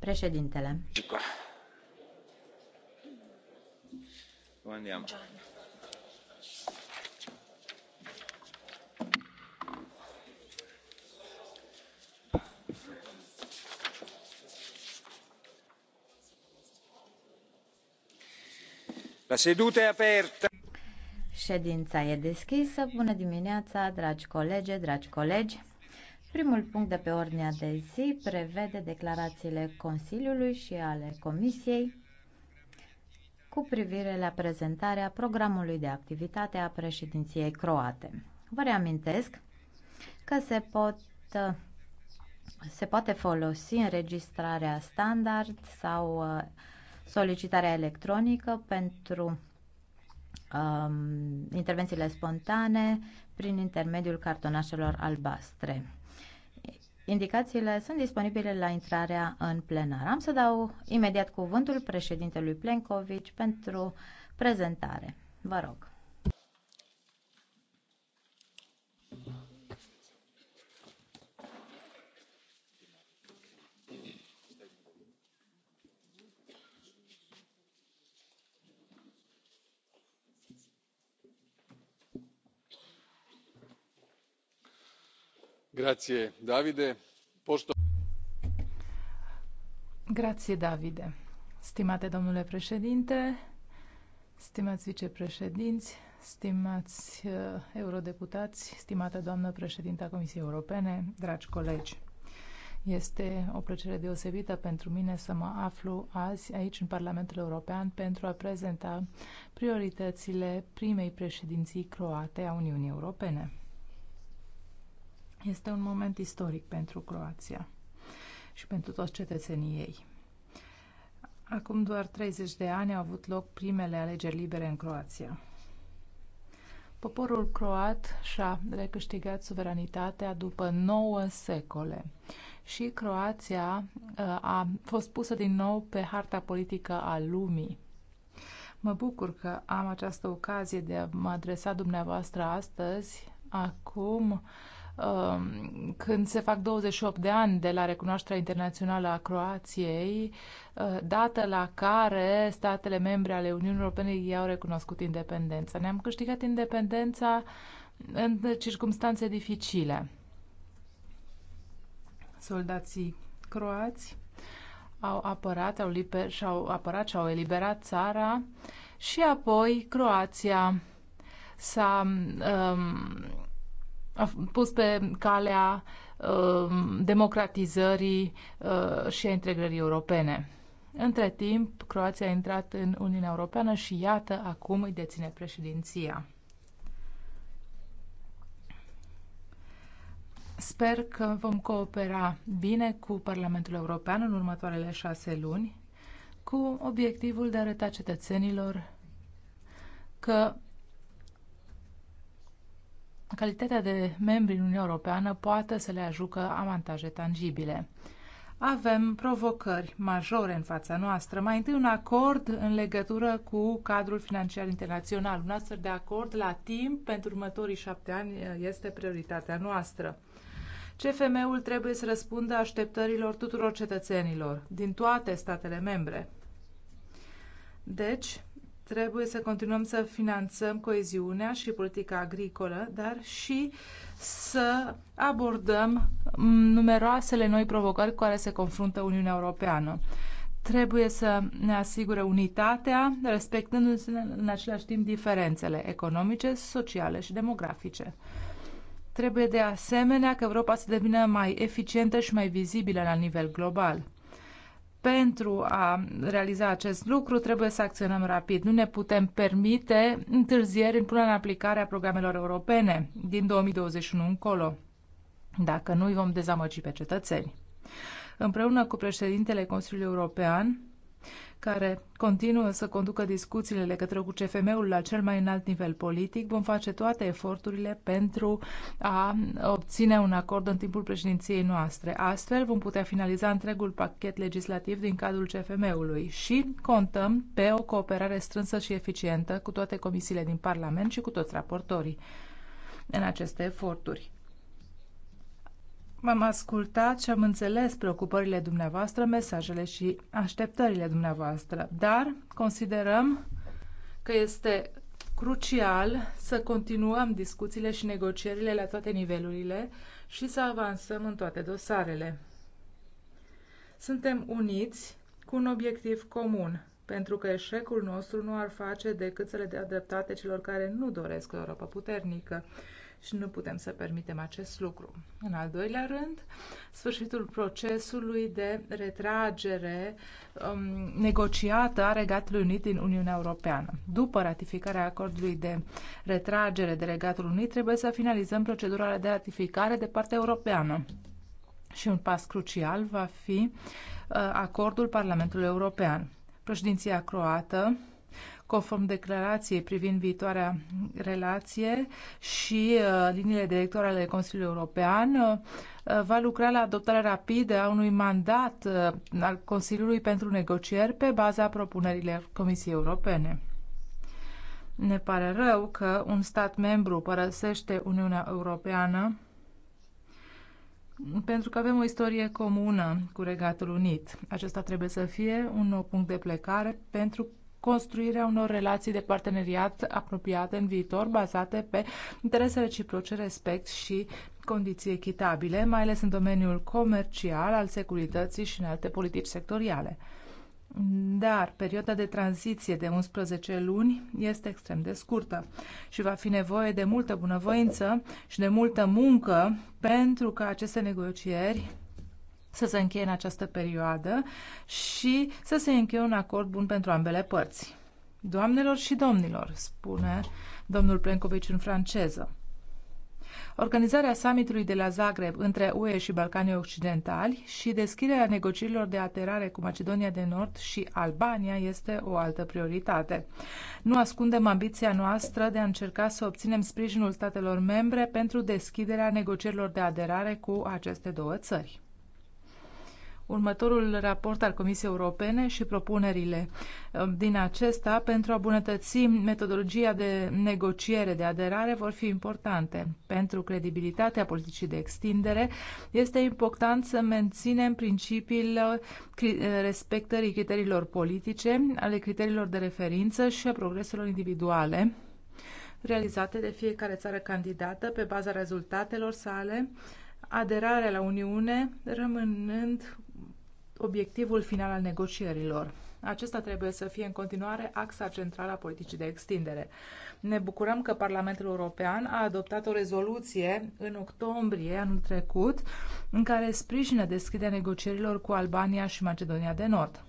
Președintele. Ședința este deschisă. Bună dimineața, dragi colegi, dragi colegi. Primul punct de pe ordinea de zi prevede declarațiile Consiliului și ale Comisiei cu privire la prezentarea programului de activitate a președinției croate. Vă reamintesc că se, pot, se poate folosi înregistrarea standard sau uh, solicitarea electronică pentru um, intervențiile spontane prin intermediul cartonașelor albastre. Indicațiile sunt disponibile la intrarea în plenar. Am să dau imediat cuvântul președintelui Plenković pentru prezentare. Vă rog. Grație, Davide. Davide. Stimate domnule președinte, stimați vicepreședinți, stimați uh, eurodeputați, stimată doamnă președintă a Comisiei Europene, dragi colegi. Este o plăcere deosebită pentru mine să mă aflu azi aici în Parlamentul European pentru a prezenta prioritățile primei președinții croate a Uniunii Europene. Este un moment istoric pentru Croația și pentru toți cetățenii ei. Acum doar 30 de ani au avut loc primele alegeri libere în Croația. Poporul croat și-a recâștigat suveranitatea după 9 secole și Croația uh, a fost pusă din nou pe harta politică a lumii. Mă bucur că am această ocazie de a mă adresa dumneavoastră astăzi, acum, Um, când se fac 28 de ani de la recunoașterea internațională a Croației, uh, dată la care statele membre ale Uniunii Europene i-au recunoscut independența. Ne-am câștigat independența în circunstanțe dificile. Soldații croați au apărat, au liber, și-au apărat și-au eliberat țara și apoi Croația s-a um, a pus pe calea uh, democratizării uh, și a integrării europene. Între timp, Croația a intrat în Uniunea Europeană și iată, acum îi deține președinția. Sper că vom coopera bine cu Parlamentul European în următoarele șase luni, cu obiectivul de a arăta cetățenilor că calitatea de membri în Uniunea Europeană poate să le ajucă avantaje tangibile. Avem provocări majore în fața noastră. Mai întâi un acord în legătură cu cadrul financiar internațional. Un astfel de acord la timp pentru următorii șapte ani este prioritatea noastră. CFM-ul trebuie să răspundă așteptărilor tuturor cetățenilor din toate statele membre. Deci, trebuie să continuăm să finanțăm coeziunea și politica agricolă, dar și să abordăm numeroasele noi provocări cu care se confruntă Uniunea Europeană. Trebuie să ne asigure unitatea, respectându-se în același timp diferențele economice, sociale și demografice. Trebuie de asemenea că Europa să devină mai eficientă și mai vizibilă la nivel global pentru a realiza acest lucru trebuie să acționăm rapid. Nu ne putem permite întârzieri în punerea în aplicare a programelor europene din 2021 încolo, dacă nu îi vom dezamăgi pe cetățeni. Împreună cu președintele Consiliului European, care continuă să conducă discuțiile legătură cu CFM-ul la cel mai înalt nivel politic. Vom face toate eforturile pentru a obține un acord în timpul președinției noastre. Astfel vom putea finaliza întregul pachet legislativ din cadrul CFM-ului și contăm pe o cooperare strânsă și eficientă cu toate comisiile din Parlament și cu toți raportorii în aceste eforturi. V-am ascultat și am înțeles preocupările dumneavoastră, mesajele și așteptările dumneavoastră, dar considerăm că este crucial să continuăm discuțiile și negocierile la toate nivelurile și să avansăm în toate dosarele. Suntem uniți cu un obiectiv comun, pentru că eșecul nostru nu ar face decât să le dea dreptate celor care nu doresc o Europa puternică și nu putem să permitem acest lucru. În al doilea rând, sfârșitul procesului de retragere um, negociată a Regatului Unit din Uniunea Europeană. După ratificarea acordului de retragere de Regatul Unit, trebuie să finalizăm procedura de ratificare de partea europeană. Și un pas crucial va fi uh, acordul Parlamentului European. Președinția croată conform declarației privind viitoarea relație și uh, liniile directoare ale Consiliului European, uh, va lucra la adoptarea rapidă a unui mandat uh, al Consiliului pentru negocieri pe baza propunerilor Comisiei Europene. Ne pare rău că un stat membru părăsește Uniunea Europeană pentru că avem o istorie comună cu Regatul Unit. Acesta trebuie să fie un nou punct de plecare pentru construirea unor relații de parteneriat apropiate în viitor, bazate pe interese reciproce, respect și condiții echitabile, mai ales în domeniul comercial, al securității și în alte politici sectoriale. Dar perioada de tranziție de 11 luni este extrem de scurtă și va fi nevoie de multă bunăvoință și de multă muncă pentru ca aceste negocieri să se încheie în această perioadă și să se încheie un acord bun pentru ambele părți. Doamnelor și domnilor, spune domnul Plencovici în franceză. Organizarea summitului de la Zagreb între UE și Balcanii Occidentali și deschiderea negocierilor de aterare cu Macedonia de Nord și Albania este o altă prioritate. Nu ascundem ambiția noastră de a încerca să obținem sprijinul statelor membre pentru deschiderea negocierilor de aderare cu aceste două țări următorul raport al Comisiei Europene și propunerile um, din acesta pentru a bunătăți metodologia de negociere de aderare vor fi importante. Pentru credibilitatea politicii de extindere este important să menținem principiul uh, uh, respectării criteriilor politice, ale criteriilor de referință și a progreselor individuale realizate de fiecare țară candidată pe baza rezultatelor sale aderarea la Uniune rămânând obiectivul final al negocierilor. Acesta trebuie să fie în continuare axa centrală a politicii de extindere. Ne bucurăm că Parlamentul European a adoptat o rezoluție în octombrie anul trecut în care sprijină deschiderea negocierilor cu Albania și Macedonia de Nord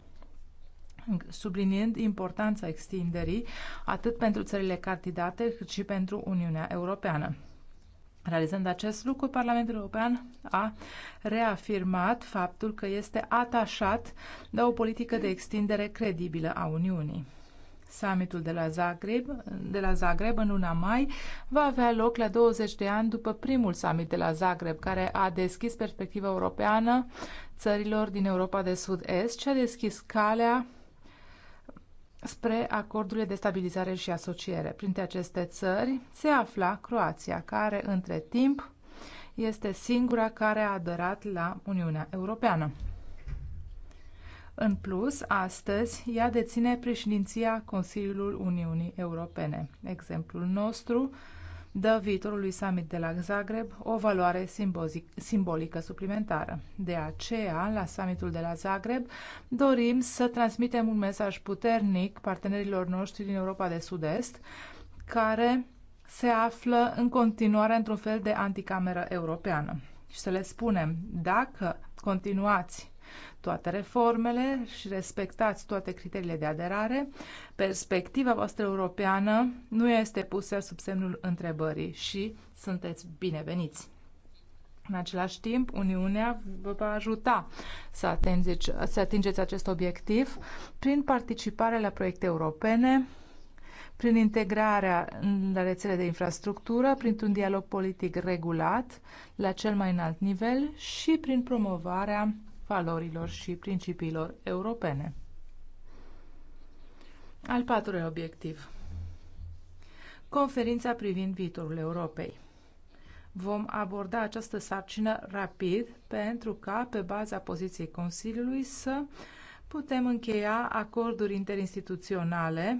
subliniind importanța extinderii atât pentru țările candidate cât și pentru Uniunea Europeană. Realizând acest lucru, Parlamentul European a reafirmat faptul că este atașat de o politică de extindere credibilă a Uniunii. Summitul de la Zagreb, de la Zagreb în luna mai va avea loc la 20 de ani după primul summit de la Zagreb, care a deschis perspectiva europeană țărilor din Europa de Sud-Est și a deschis calea spre acordurile de stabilizare și asociere. Printre aceste țări se afla Croația, care între timp este singura care a aderat la Uniunea Europeană. În plus, astăzi, ea deține președinția Consiliului Uniunii Europene. Exemplul nostru dă viitorului summit de la Zagreb o valoare simbolic, simbolică suplimentară. De aceea, la summitul de la Zagreb, dorim să transmitem un mesaj puternic partenerilor noștri din Europa de Sud-Est, care se află în continuare într-un fel de anticameră europeană. Și să le spunem, dacă continuați toate reformele și respectați toate criteriile de aderare, perspectiva voastră europeană nu este pusă sub semnul întrebării și sunteți bineveniți. În același timp, Uniunea vă va ajuta să atingeți, să atingeți acest obiectiv prin participare la proiecte europene, prin integrarea la rețele de infrastructură, printr-un dialog politic regulat la cel mai înalt nivel și prin promovarea valorilor și principiilor europene. Al patrulea obiectiv. Conferința privind viitorul Europei. Vom aborda această sarcină rapid pentru ca, pe baza poziției Consiliului, să putem încheia acorduri interinstituționale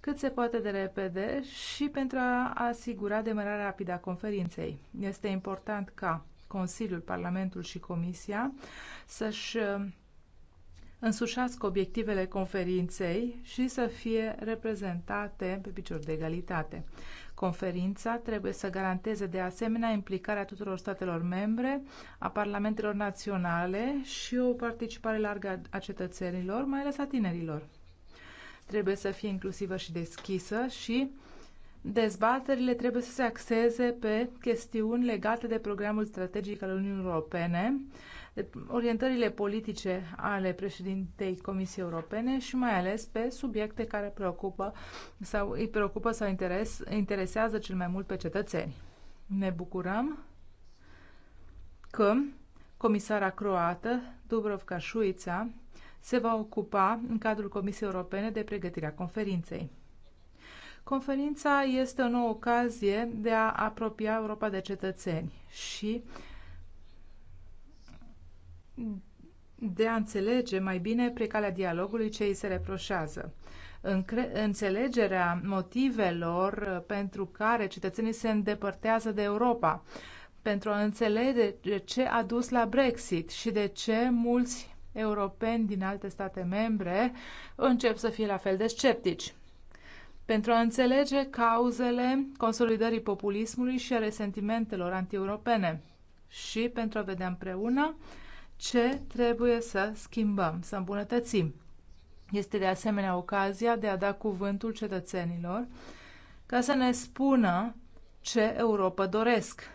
cât se poate de repede și pentru a asigura demararea rapidă a conferinței. Este important ca Consiliul, Parlamentul și Comisia să-și uh, însușească obiectivele conferinței și să fie reprezentate pe picior de egalitate. Conferința trebuie să garanteze de asemenea implicarea tuturor statelor membre, a parlamentelor naționale și o participare largă a cetățenilor, mai ales a tinerilor. Trebuie să fie inclusivă și deschisă și Dezbaterile trebuie să se axeze pe chestiuni legate de programul strategic al Uniunii Europene, orientările politice ale președintei Comisiei Europene și mai ales pe subiecte care preocupă sau îi preocupă sau interes, interesează cel mai mult pe cetățeni. Ne bucurăm că comisara croată Dubrovka Șuița se va ocupa în cadrul Comisiei Europene de pregătirea conferinței. Conferința este o nouă ocazie de a apropia Europa de cetățeni și de a înțelege mai bine calea dialogului ce îi se reproșează. Înțelegerea motivelor pentru care cetățenii se îndepărtează de Europa, pentru a înțelege ce a dus la Brexit și de ce mulți europeni din alte state membre încep să fie la fel de sceptici pentru a înțelege cauzele consolidării populismului și a resentimentelor antieuropene și pentru a vedea împreună ce trebuie să schimbăm, să îmbunătățim. Este de asemenea ocazia de a da cuvântul cetățenilor ca să ne spună ce Europa doresc,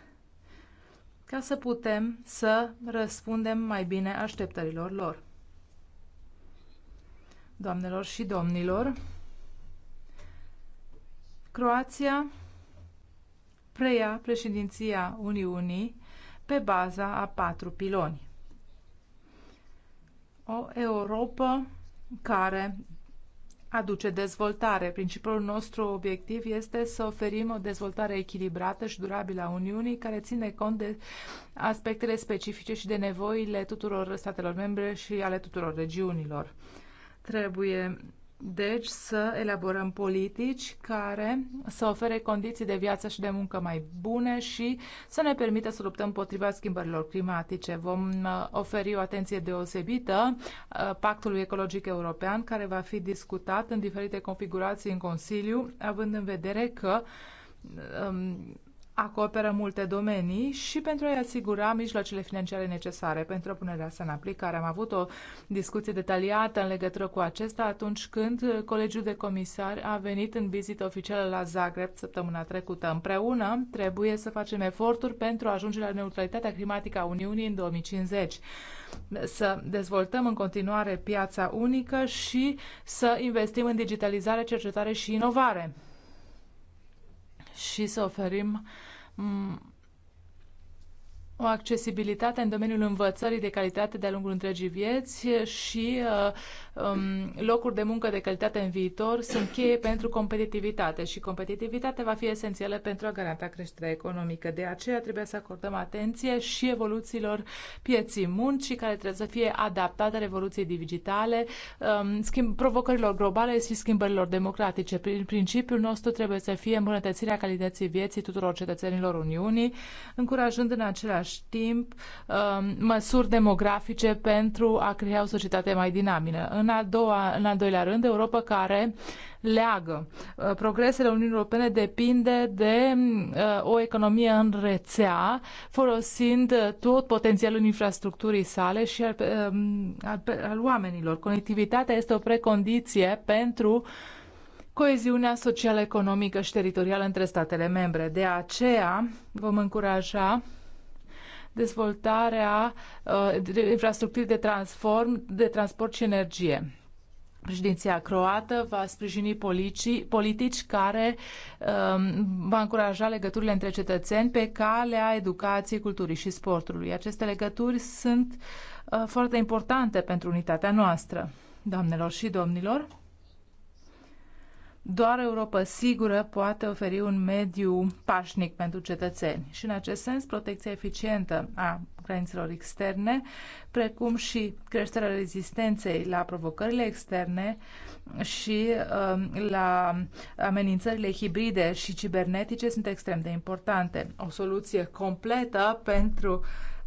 ca să putem să răspundem mai bine așteptărilor lor. Doamnelor și domnilor, Croația preia președinția Uniunii pe baza a patru piloni. O Europa care aduce dezvoltare. Principalul nostru obiectiv este să oferim o dezvoltare echilibrată și durabilă a Uniunii, care ține cont de aspectele specifice și de nevoile tuturor statelor membre și ale tuturor regiunilor. Trebuie deci să elaborăm politici care să ofere condiții de viață și de muncă mai bune și să ne permită să luptăm împotriva schimbărilor climatice. Vom uh, oferi o atenție deosebită uh, Pactului Ecologic European, care va fi discutat în diferite configurații în Consiliu, având în vedere că um, acoperă multe domenii și pentru a-i asigura mijloacele financiare necesare pentru punerea sa în aplicare. Am avut o discuție detaliată în legătură cu acesta atunci când Colegiul de Comisari a venit în vizită oficială la Zagreb săptămâna trecută. Împreună trebuie să facem eforturi pentru a ajunge la neutralitatea climatică a Uniunii în 2050 să dezvoltăm în continuare piața unică și să investim în digitalizare, cercetare și inovare și să oferim o accesibilitate în domeniul învățării de calitate de-a lungul întregii vieți și uh, um, locuri de muncă de calitate în viitor sunt cheie pentru competitivitate și competitivitatea va fi esențială pentru a garanta creșterea economică. De aceea trebuie să acordăm atenție și evoluțiilor pieții muncii care trebuie să fie adaptate revoluției digitale, um, schimb, provocărilor globale și schimbărilor democratice. Prin principiul nostru trebuie să fie îmbunătățirea calității vieții tuturor cetățenilor Uniunii, încurajând în același același timp um, măsuri demografice pentru a crea o societate mai dinamică. În, doua, în al doilea rând, Europa care leagă. Uh, progresele Uniunii Europene depinde de uh, o economie în rețea, folosind uh, tot potențialul infrastructurii sale și al, um, al, al oamenilor. Conectivitatea este o precondiție pentru coeziunea socială, economică și teritorială între statele membre. De aceea vom încuraja dezvoltarea uh, infrastructurii de, transform, de transport și energie. Președinția croată va sprijini politici, politici care um, va încuraja legăturile între cetățeni pe calea educației, culturii și sportului. Aceste legături sunt uh, foarte importante pentru unitatea noastră. Doamnelor și domnilor, doar Europa sigură poate oferi un mediu pașnic pentru cetățeni și, în acest sens, protecția eficientă a granițelor externe, precum și creșterea rezistenței la provocările externe și uh, la amenințările hibride și cibernetice sunt extrem de importante. O soluție completă pentru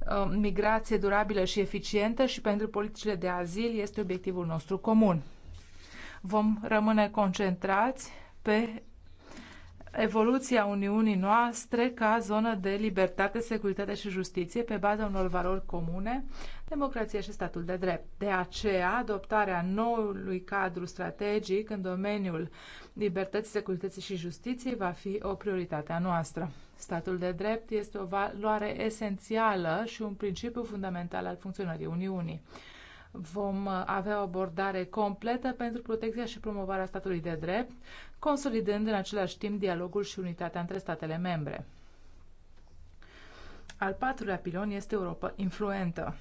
uh, migrație durabilă și eficientă și pentru politicile de azil este obiectivul nostru comun. Vom rămâne concentrați pe evoluția Uniunii noastre ca zonă de libertate, securitate și justiție pe baza unor valori comune, democrație și statul de drept. De aceea, adoptarea noului cadru strategic în domeniul libertății, securității și justiției va fi o prioritate a noastră. Statul de drept este o valoare esențială și un principiu fundamental al funcționării Uniunii. Vom uh, avea o abordare completă pentru protecția și promovarea statului de drept, consolidând în același timp dialogul și unitatea între statele membre. Al patrulea pilon este Europa influentă.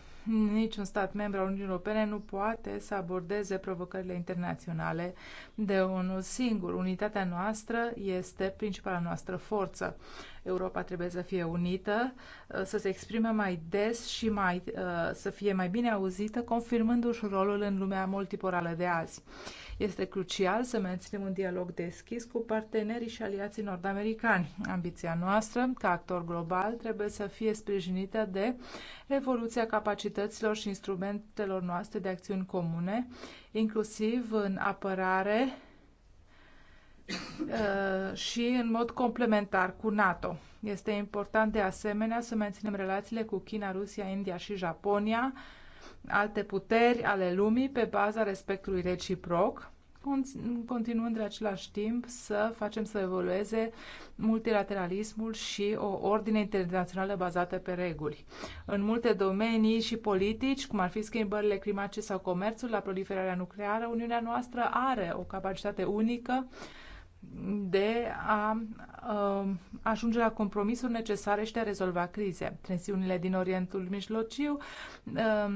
Niciun stat membru al Uniunii Europene nu poate să abordeze provocările internaționale de unul singur. Unitatea noastră este principala noastră forță. Europa trebuie să fie unită, uh, să se exprime mai des și mai, uh, să fie mai bine auzită, confirmându-și rolul în lumea multipolară de azi. Este crucial să menținem un dialog deschis cu partenerii și aliații nord-americani. Ambiția noastră, ca actor global, trebuie să fie sprijinită de revoluția capacităților și instrumentelor noastre de acțiuni comune, inclusiv în apărare Uh, și în mod complementar cu NATO. Este important de asemenea să menținem relațiile cu China, Rusia, India și Japonia, alte puteri ale lumii pe baza respectului reciproc, continuând în același timp să facem să evolueze multilateralismul și o ordine internațională bazată pe reguli. În multe domenii și politici, cum ar fi schimbările climatice sau comerțul la proliferarea nucleară, Uniunea noastră are o capacitate unică de a uh, ajunge la compromisul necesare și de a rezolva crize. Tensiunile din Orientul Mijlociu, um,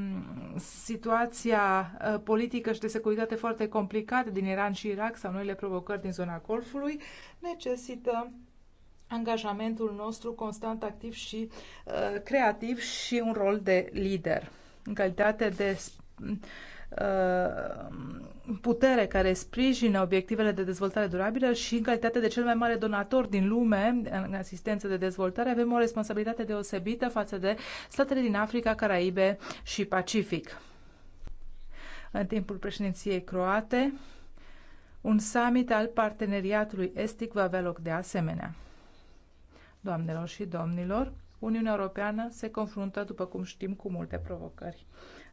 situația uh, politică și de securitate foarte complicată din Iran și Irak sau noile provocări din zona Golfului necesită angajamentul nostru constant, activ și uh, creativ și un rol de lider. În calitate de Uh, putere care sprijină obiectivele de dezvoltare durabilă și în calitate de cel mai mare donator din lume în asistență de dezvoltare avem o responsabilitate deosebită față de statele din Africa, Caraibe și Pacific. În timpul președinției croate, un summit al parteneriatului estic va avea loc de asemenea. Doamnelor și domnilor, Uniunea Europeană se confruntă, după cum știm, cu multe provocări.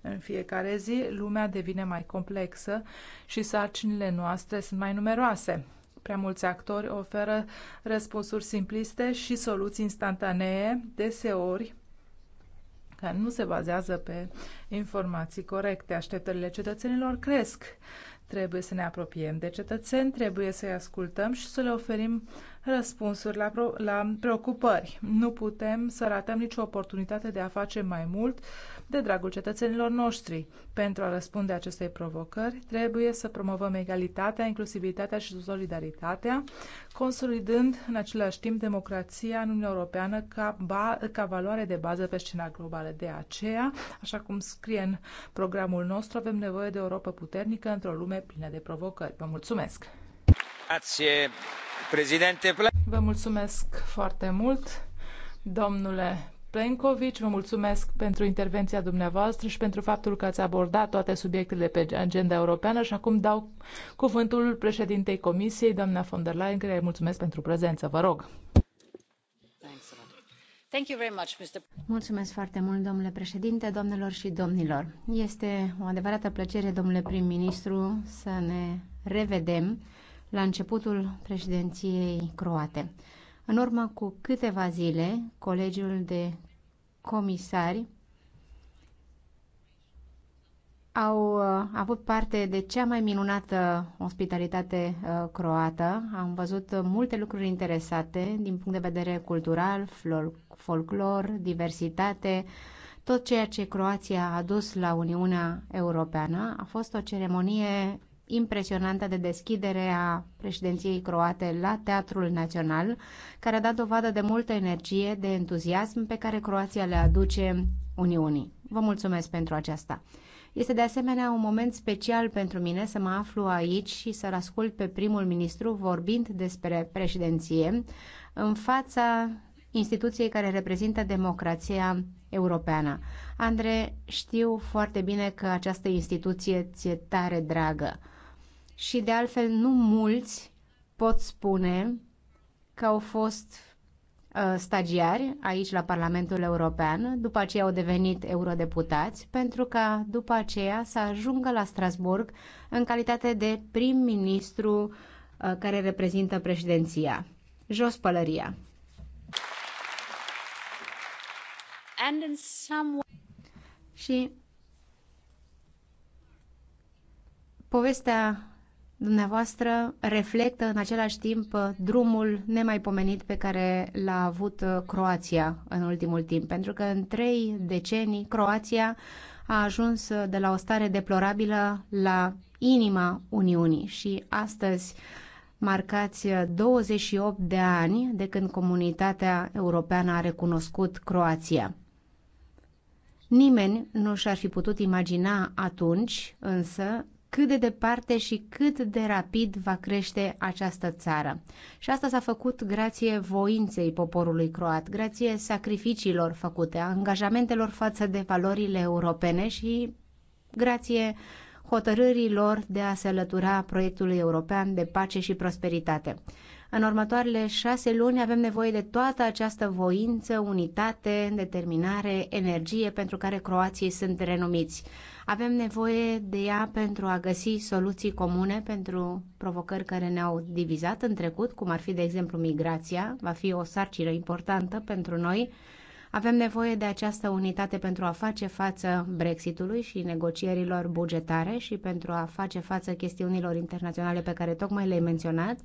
În fiecare zi, lumea devine mai complexă și sarcinile noastre sunt mai numeroase. Prea mulți actori oferă răspunsuri simpliste și soluții instantanee, deseori care nu se bazează pe informații corecte. Așteptările cetățenilor cresc. Trebuie să ne apropiem de cetățeni, trebuie să-i ascultăm și să le oferim răspunsuri la, la preocupări. Nu putem să ratăm nicio oportunitate de a face mai mult de dragul cetățenilor noștri. Pentru a răspunde acestei provocări, trebuie să promovăm egalitatea, inclusivitatea și solidaritatea, consolidând în același timp democrația în Uniunea Europeană ca, ba, ca valoare de bază pe scena globală. De aceea, așa cum scrie în programul nostru, avem nevoie de o Europa puternică într-o lume plină de provocări. Vă mulțumesc! Grazie. Vă mulțumesc foarte mult, domnule Plenković, vă mulțumesc pentru intervenția dumneavoastră și pentru faptul că ați abordat toate subiectele pe agenda europeană și acum dau cuvântul președintei Comisiei, doamna von der Leyen, care îi mulțumesc pentru prezență. Vă rog. Mulțumesc foarte mult, domnule președinte, doamnelor și domnilor. Este o adevărată plăcere, domnule prim-ministru, să ne revedem la începutul președinției croate. În urmă cu câteva zile, colegiul de comisari au uh, avut parte de cea mai minunată ospitalitate uh, croată. Am văzut multe lucruri interesate din punct de vedere cultural, folclor, diversitate. Tot ceea ce Croația a adus la Uniunea Europeană a fost o ceremonie impresionantă de deschidere a președinției croate la Teatrul Național, care a dat dovadă de multă energie, de entuziasm pe care Croația le aduce Uniunii. Vă mulțumesc pentru aceasta. Este de asemenea un moment special pentru mine să mă aflu aici și să-l ascult pe primul ministru vorbind despre președinție în fața instituției care reprezintă democrația europeană. Andre, știu foarte bine că această instituție ți-e tare dragă și de altfel nu mulți pot spune că au fost uh, stagiari aici la Parlamentul European, după aceea au devenit eurodeputați, pentru ca după aceea să ajungă la Strasburg în calitate de prim-ministru uh, care reprezintă președinția. Jos pălăria! And in some... Și povestea dumneavoastră reflectă în același timp uh, drumul nemaipomenit pe care l-a avut uh, Croația în ultimul timp, pentru că în trei decenii Croația a ajuns uh, de la o stare deplorabilă la inima Uniunii și astăzi marcați 28 de ani de când comunitatea europeană a recunoscut Croația. Nimeni nu și-ar fi putut imagina atunci, însă, cât de departe și cât de rapid va crește această țară. Și asta s-a făcut grație voinței poporului croat, grație sacrificiilor făcute, angajamentelor față de valorile europene și grație hotărârilor de a se alătura proiectului european de pace și prosperitate. În următoarele șase luni avem nevoie de toată această voință, unitate, determinare, energie pentru care croații sunt renumiți. Avem nevoie de ea pentru a găsi soluții comune pentru provocări care ne-au divizat în trecut, cum ar fi, de exemplu, migrația, va fi o sarcină importantă pentru noi. Avem nevoie de această unitate pentru a face față Brexitului și negocierilor bugetare și pentru a face față chestiunilor internaționale pe care tocmai le-ai menționat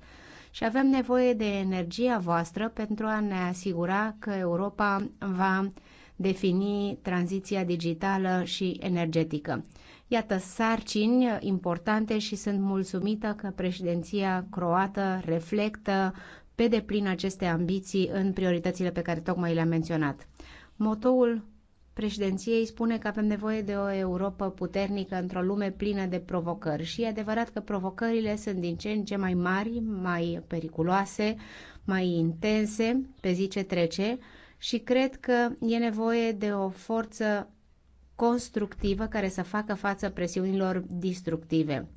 și avem nevoie de energia voastră pentru a ne asigura că Europa va defini tranziția digitală și energetică. Iată sarcini importante și sunt mulțumită că președinția croată reflectă pe deplin aceste ambiții în prioritățile pe care tocmai le-am menționat. Motoul președinției spune că avem nevoie de o Europa puternică într-o lume plină de provocări și e adevărat că provocările sunt din ce în ce mai mari, mai periculoase, mai intense pe zi ce trece și cred că e nevoie de o forță constructivă care să facă față presiunilor distructive.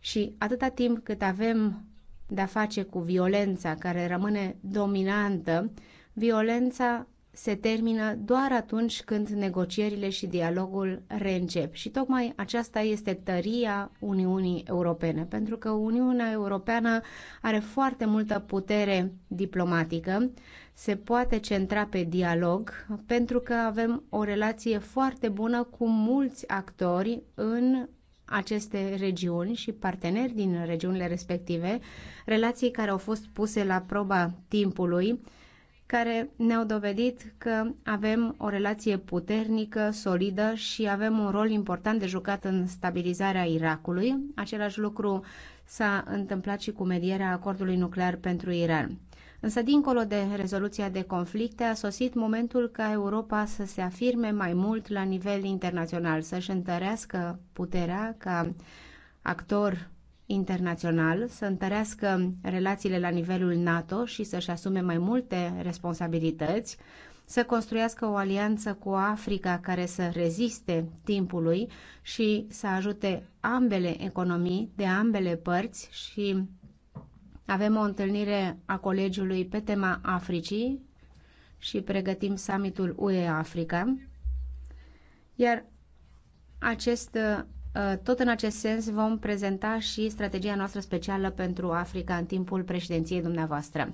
Și atâta timp cât avem de-a face cu violența care rămâne dominantă, violența se termină doar atunci când negocierile și dialogul reîncep. Și tocmai aceasta este tăria Uniunii Europene, pentru că Uniunea Europeană are foarte multă putere diplomatică, se poate centra pe dialog, pentru că avem o relație foarte bună cu mulți actori în aceste regiuni și parteneri din regiunile respective, relații care au fost puse la proba timpului, care ne-au dovedit că avem o relație puternică, solidă și avem un rol important de jucat în stabilizarea Irakului. Același lucru s-a întâmplat și cu medierea acordului nuclear pentru Iran. Însă, dincolo de rezoluția de conflicte, a sosit momentul ca Europa să se afirme mai mult la nivel internațional, să-și întărească puterea ca actor internațional, să întărească relațiile la nivelul NATO și să-și asume mai multe responsabilități, să construiască o alianță cu Africa care să reziste timpului și să ajute ambele economii de ambele părți și avem o întâlnire a colegiului pe tema Africii și pregătim summitul UE Africa. Iar acest Uh, tot în acest sens vom prezenta și strategia noastră specială pentru Africa în timpul președinției dumneavoastră.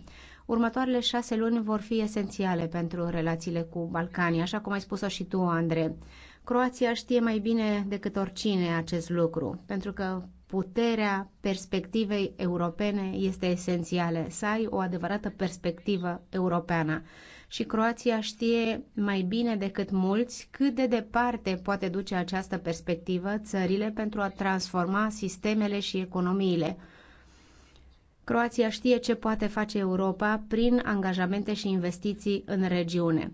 Următoarele șase luni vor fi esențiale pentru relațiile cu Balcanii, așa cum ai spus-o și tu, Andre. Croația știe mai bine decât oricine acest lucru, pentru că puterea perspectivei europene este esențială, să ai o adevărată perspectivă europeană și Croația știe mai bine decât mulți cât de departe poate duce această perspectivă țările pentru a transforma sistemele și economiile. Croația știe ce poate face Europa prin angajamente și investiții în regiune.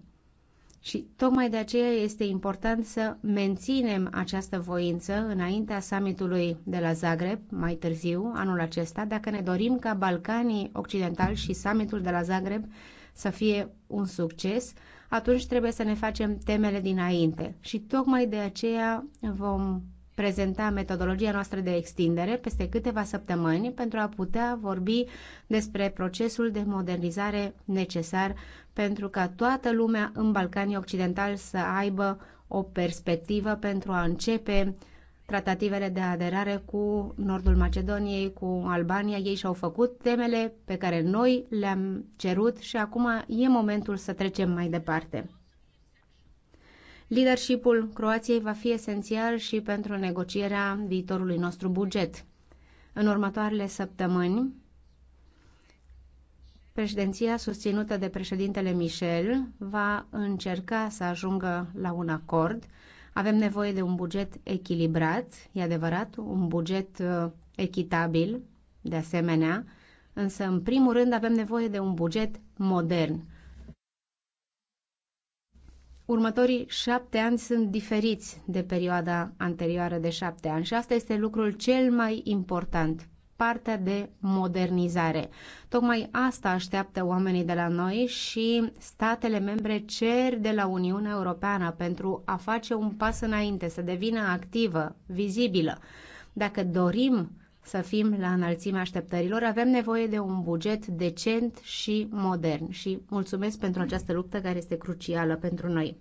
Și tocmai de aceea este important să menținem această voință înaintea summitului de la Zagreb, mai târziu, anul acesta, dacă ne dorim ca Balcanii Occidentali și summitul de la Zagreb să fie un succes, atunci trebuie să ne facem temele dinainte. Și tocmai de aceea vom prezenta metodologia noastră de extindere peste câteva săptămâni pentru a putea vorbi despre procesul de modernizare necesar pentru ca toată lumea în Balcanii Occidentali să aibă o perspectivă pentru a începe tratativele de aderare cu Nordul Macedoniei, cu Albania. Ei și-au făcut temele pe care noi le-am cerut și acum e momentul să trecem mai departe. Leadershipul Croației va fi esențial și pentru negocierea viitorului nostru buget. În următoarele săptămâni, președinția susținută de președintele Michel va încerca să ajungă la un acord avem nevoie de un buget echilibrat, e adevărat, un buget uh, echitabil, de asemenea, însă, în primul rând, avem nevoie de un buget modern. Următorii șapte ani sunt diferiți de perioada anterioară de șapte ani și asta este lucrul cel mai important partea de modernizare. Tocmai asta așteaptă oamenii de la noi și statele membre cer de la Uniunea Europeană pentru a face un pas înainte, să devină activă, vizibilă. Dacă dorim să fim la înălțimea așteptărilor, avem nevoie de un buget decent și modern. Și mulțumesc pentru această luptă care este crucială pentru noi.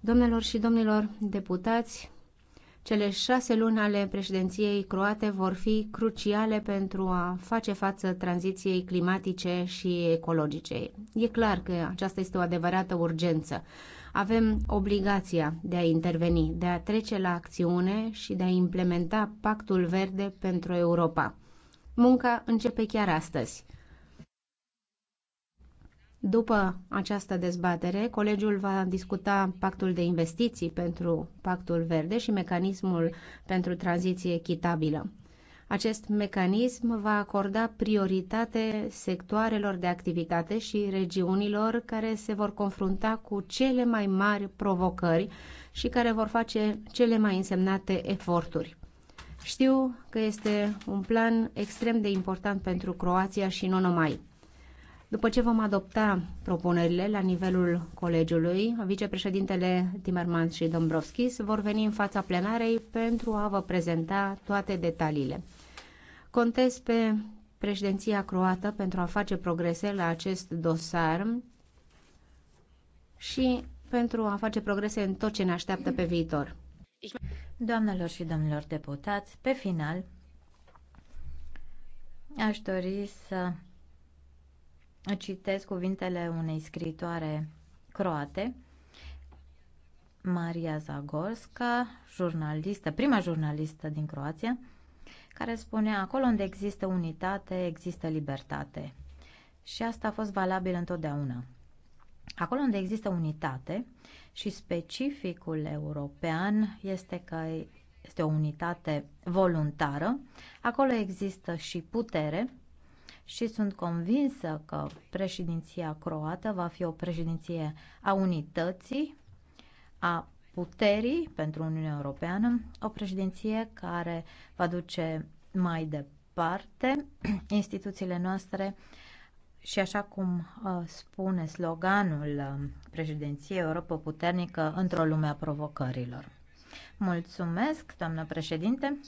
Domnilor și domnilor deputați, cele șase luni ale președinției croate vor fi cruciale pentru a face față tranziției climatice și ecologice. E clar că aceasta este o adevărată urgență. Avem obligația de a interveni, de a trece la acțiune și de a implementa Pactul Verde pentru Europa. Munca începe chiar astăzi. După această dezbatere, colegiul va discuta pactul de investiții pentru pactul verde și mecanismul pentru tranziție echitabilă. Acest mecanism va acorda prioritate sectoarelor de activitate și regiunilor care se vor confrunta cu cele mai mari provocări și care vor face cele mai însemnate eforturi. Știu că este un plan extrem de important pentru Croația și nu numai. După ce vom adopta propunerile la nivelul colegiului, vicepreședintele Timmermans și Dombrovskis vor veni în fața plenarei pentru a vă prezenta toate detaliile. Contez pe președinția croată pentru a face progrese la acest dosar și pentru a face progrese în tot ce ne așteaptă pe viitor. Doamnelor și domnilor deputați, pe final aș dori să citesc cuvintele unei scritoare croate, Maria Zagorska, jurnalistă, prima jurnalistă din Croația, care spunea acolo unde există unitate, există libertate. Și asta a fost valabil întotdeauna. Acolo unde există unitate și specificul european este că este o unitate voluntară, acolo există și putere și sunt convinsă că președinția croată va fi o președinție a unității, a puterii pentru Uniunea Europeană, o președinție care va duce mai departe instituțiile noastre și așa cum uh, spune sloganul uh, președinției Europa puternică într-o lume a provocărilor. Mulțumesc, doamnă președinte.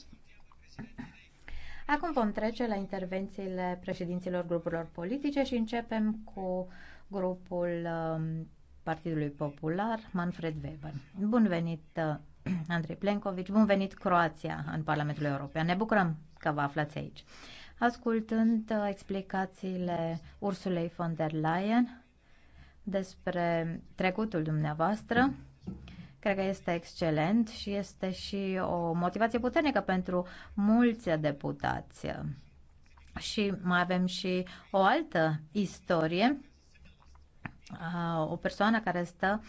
Acum vom trece la intervențiile președinților grupurilor politice și începem cu grupul um, Partidului Popular, Manfred Weber. Bun venit, uh, Andrei Plenković, bun venit Croația în Parlamentul European. Ne bucurăm că vă aflați aici. Ascultând uh, explicațiile Ursulei von der Leyen despre trecutul dumneavoastră, Cred că este excelent și este și o motivație puternică pentru mulți deputați. Și mai avem și o altă istorie. Uh, o persoană care stă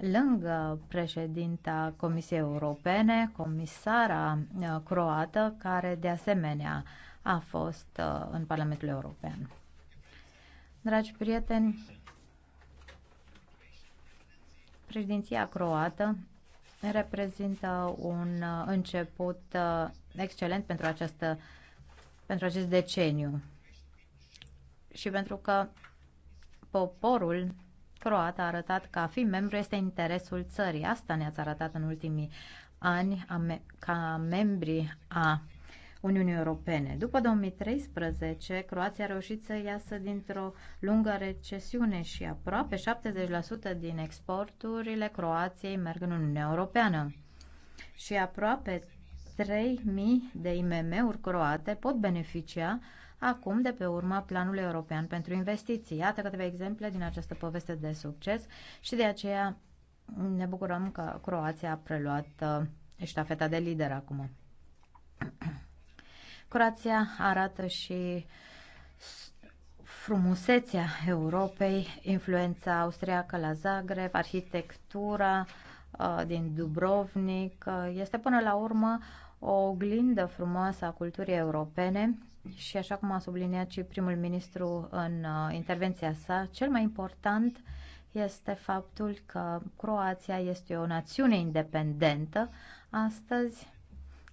lângă președinta Comisiei Europene, comisara uh, croată, care de asemenea a fost uh, în Parlamentul European. Dragi prieteni, Președinția croată reprezintă un uh, început uh, excelent pentru, această, pentru acest deceniu și pentru că poporul croat a arătat că a fi membru este interesul țării. Asta ne-ați arătat în ultimii ani ca membri a Uniunii Europene. După 2013, Croația a reușit să iasă dintr-o lungă recesiune și aproape 70% din exporturile Croației merg în Uniunea Europeană. Și aproape 3.000 de IMM-uri croate pot beneficia acum de pe urma planului european pentru investiții. Iată câteva exemple din această poveste de succes și de aceea ne bucurăm că Croația a preluat uh, ștafeta de lider acum. Croația arată și frumusețea Europei, influența austriacă la Zagreb, arhitectura uh, din Dubrovnik. Uh, este până la urmă o oglindă frumoasă a culturii europene și așa cum a subliniat și primul ministru în uh, intervenția sa, cel mai important este faptul că Croația este o națiune independentă astăzi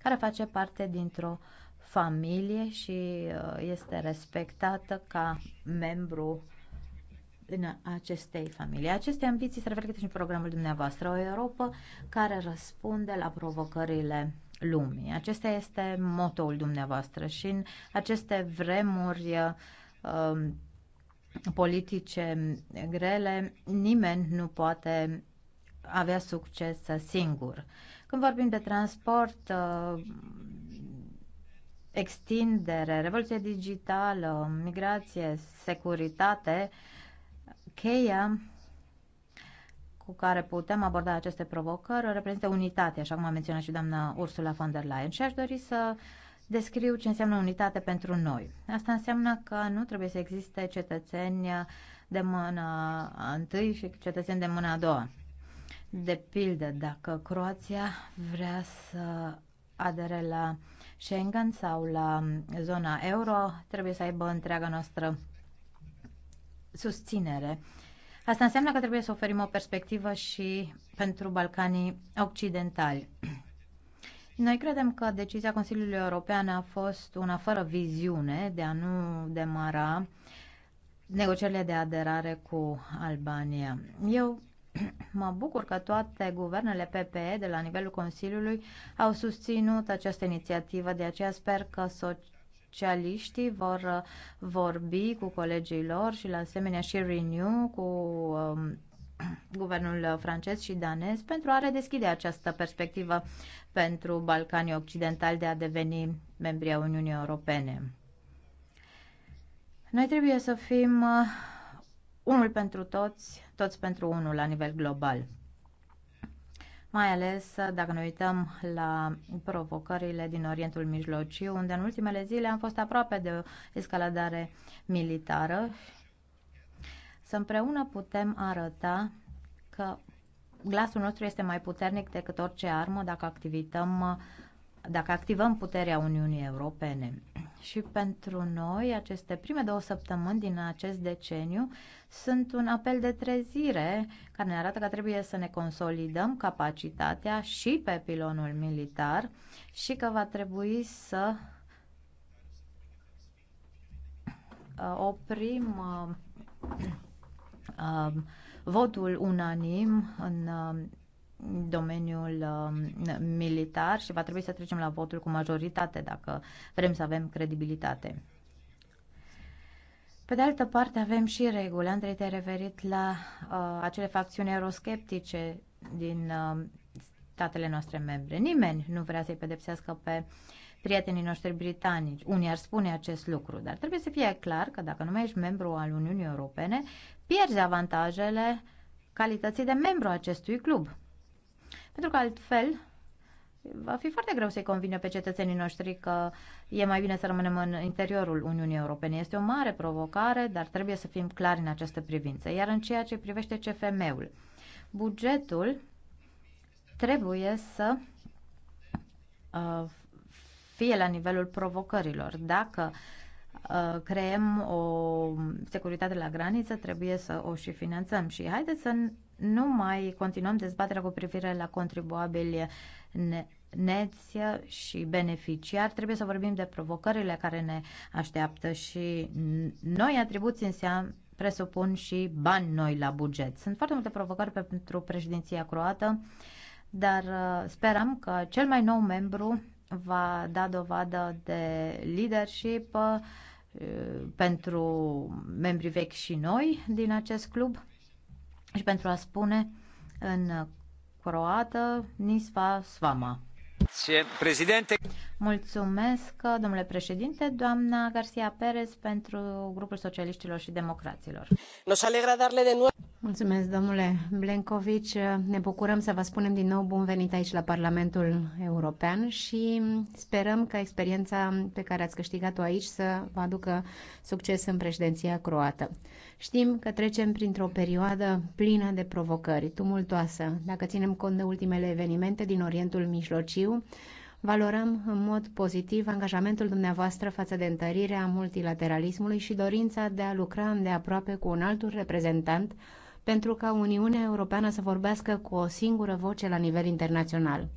care face parte dintr-o uh, familie și uh, este respectată ca membru în acestei familii. Aceste ambiții se reflectă și în programul dumneavoastră, o Europa care răspunde la provocările lumii. Acesta este motoul dumneavoastră și în aceste vremuri um, politice grele, nimeni nu poate avea succes singur. Când vorbim de transport, uh, extindere, revoluție digitală, migrație, securitate, cheia cu care putem aborda aceste provocări reprezintă unitate, așa cum a menționat și doamna Ursula von der Leyen. Și aș dori să descriu ce înseamnă unitate pentru noi. Asta înseamnă că nu trebuie să existe cetățeni de mâna întâi și cetățeni de mână a doua. De pildă, dacă Croația vrea să adere la uh, Schengen sau la zona euro, trebuie să aibă întreaga noastră susținere. Asta înseamnă că trebuie să oferim o perspectivă și pentru Balcanii Occidentali. Noi credem că decizia Consiliului European a fost una fără viziune de a nu demara negocierile de aderare cu Albania. Eu Mă bucur că toate guvernele PPE de la nivelul Consiliului au susținut această inițiativă, de aceea sper că socialiștii vor uh, vorbi cu colegii lor și la asemenea și Renew cu um, guvernul francez și danez pentru a redeschide această perspectivă pentru Balcanii Occidentali de a deveni membri a Uniunii Europene. Noi trebuie să fim uh, unul pentru toți toți pentru unul la nivel global. Mai ales dacă ne uităm la provocările din Orientul Mijlociu, unde în ultimele zile am fost aproape de o escaladare militară. Să împreună putem arăta că glasul nostru este mai puternic decât orice armă dacă activităm uh, dacă activăm puterea Uniunii Europene. Și pentru noi, aceste prime două săptămâni din acest deceniu sunt un apel de trezire care ne arată că trebuie să ne consolidăm capacitatea și pe pilonul militar și că va trebui să uh, oprim uh, uh, votul unanim în domeniul um, militar și va trebui să trecem la votul cu majoritate dacă vrem să avem credibilitate. Pe de altă parte, avem și reguli. Andrei, te referit la uh, acele facțiuni eurosceptice din uh, statele noastre membre. Nimeni nu vrea să-i pedepsească pe prietenii noștri britanici. Unii ar spune acest lucru, dar trebuie să fie clar că dacă nu mai ești membru al Uniunii Europene, pierzi avantajele calității de membru acestui club. Pentru că altfel va fi foarte greu să-i convine pe cetățenii noștri că e mai bine să rămânem în interiorul Uniunii Europene. Este o mare provocare, dar trebuie să fim clari în această privință. Iar în ceea ce privește CFM-ul, bugetul trebuie să uh, fie la nivelul provocărilor. Dacă uh, creăm o securitate la graniță, trebuie să o și finanțăm. Și haideți să nu mai continuăm dezbaterea cu privire la contribuabili neți și beneficiari, trebuie să vorbim de provocările care ne așteaptă și noi atribuții înseamnă presupun și bani noi la buget. Sunt foarte multe provocări pentru președinția croată, dar uh, sperăm că cel mai nou membru va da dovadă de leadership uh, pentru membrii vechi și noi din acest club și pentru a spune în croată Nisva Svama. Președinte. Mulțumesc, domnule președinte, doamna Garcia Perez, pentru grupul socialiștilor și democraților. Nos alegra darle de nou. Mulțumesc, domnule Blencovici. Ne bucurăm să vă spunem din nou bun venit aici la Parlamentul European și sperăm că experiența pe care ați câștigat-o aici să vă aducă succes în președinția croată. Știm că trecem printr-o perioadă plină de provocări, tumultoasă. Dacă ținem cont de ultimele evenimente din Orientul Mijlociu, Valorăm în mod pozitiv angajamentul dumneavoastră față de întărirea multilateralismului și dorința de a lucra îndeaproape cu un altul reprezentant pentru ca Uniunea Europeană să vorbească cu o singură voce la nivel internațional.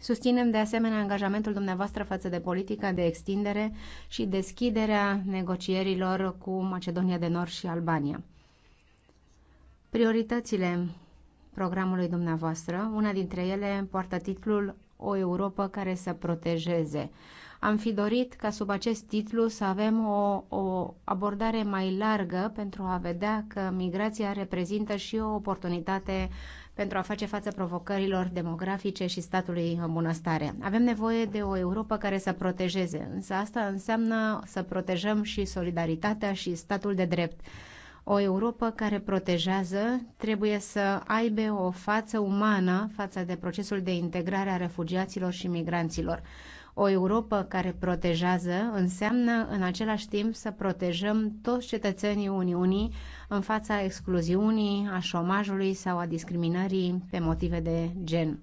Susținem de asemenea angajamentul dumneavoastră față de politica de extindere și deschiderea negocierilor cu Macedonia de Nord și Albania. Prioritățile programului dumneavoastră, una dintre ele poartă titlul O Europa care să protejeze. Am fi dorit ca sub acest titlu să avem o, o abordare mai largă pentru a vedea că migrația reprezintă și o oportunitate pentru a face față provocărilor demografice și statului în bunăstare. Avem nevoie de o Europa care să protejeze, însă asta înseamnă să protejăm și solidaritatea și statul de drept. O Europa care protejează trebuie să aibă o față umană față de procesul de integrare a refugiaților și migranților. O Europa care protejează înseamnă în același timp să protejăm toți cetățenii Uniunii în fața excluziunii, a șomajului sau a discriminării pe motive de gen.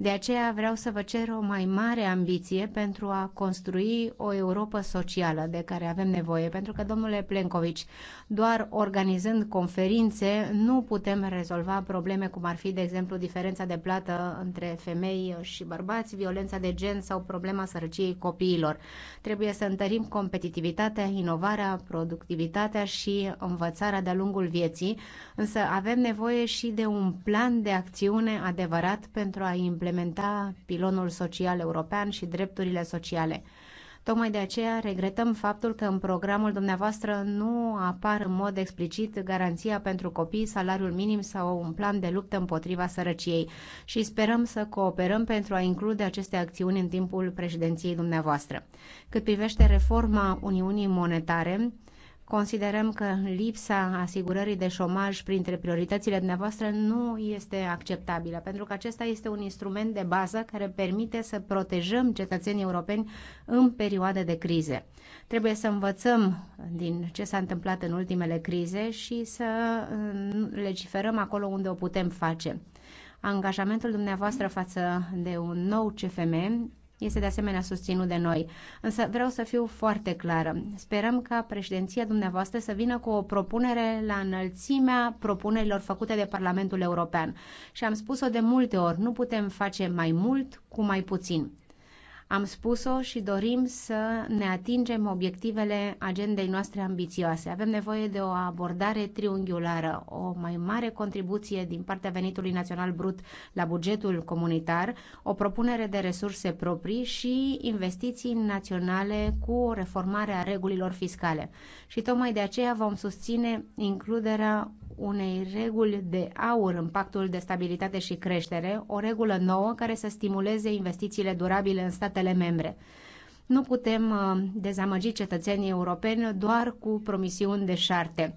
De aceea vreau să vă cer o mai mare ambiție pentru a construi o Europa socială de care avem nevoie, pentru că, domnule Plencovici, doar organizând conferințe nu putem rezolva probleme cum ar fi, de exemplu, diferența de plată între femei și bărbați, violența de gen sau problema sărăciei copiilor. Trebuie să întărim competitivitatea, inovarea, productivitatea și învățarea de-a lungul vieții, însă avem nevoie și de un plan de acțiune adevărat pentru a implementa implementa pilonul social european și drepturile sociale. Tocmai de aceea regretăm faptul că în programul dumneavoastră nu apar în mod explicit garanția pentru copii, salariul minim sau un plan de luptă împotriva sărăciei și sperăm să cooperăm pentru a include aceste acțiuni în timpul președinției dumneavoastră. Cât privește reforma Uniunii Monetare, Considerăm că lipsa asigurării de șomaj printre prioritățile dumneavoastră nu este acceptabilă, pentru că acesta este un instrument de bază care permite să protejăm cetățenii europeni în perioade de crize. Trebuie să învățăm din ce s-a întâmplat în ultimele crize și să mm, legiferăm acolo unde o putem face. Angajamentul dumneavoastră față de un nou CFM este de asemenea susținut de noi. Însă vreau să fiu foarte clară. Sperăm ca președinția dumneavoastră să vină cu o propunere la înălțimea propunerilor făcute de Parlamentul European. Și am spus-o de multe ori, nu putem face mai mult cu mai puțin. Am spus-o și dorim să ne atingem obiectivele agendei noastre ambițioase. Avem nevoie de o abordare triunghiulară, o mai mare contribuție din partea venitului național brut la bugetul comunitar, o propunere de resurse proprii și investiții naționale cu o reformare a regulilor fiscale. Și tocmai de aceea vom susține includerea unei reguli de aur în pactul de stabilitate și creștere, o regulă nouă care să stimuleze investițiile durabile în statele membre. Nu putem uh, dezamăgi cetățenii europeni doar cu promisiuni de șarte.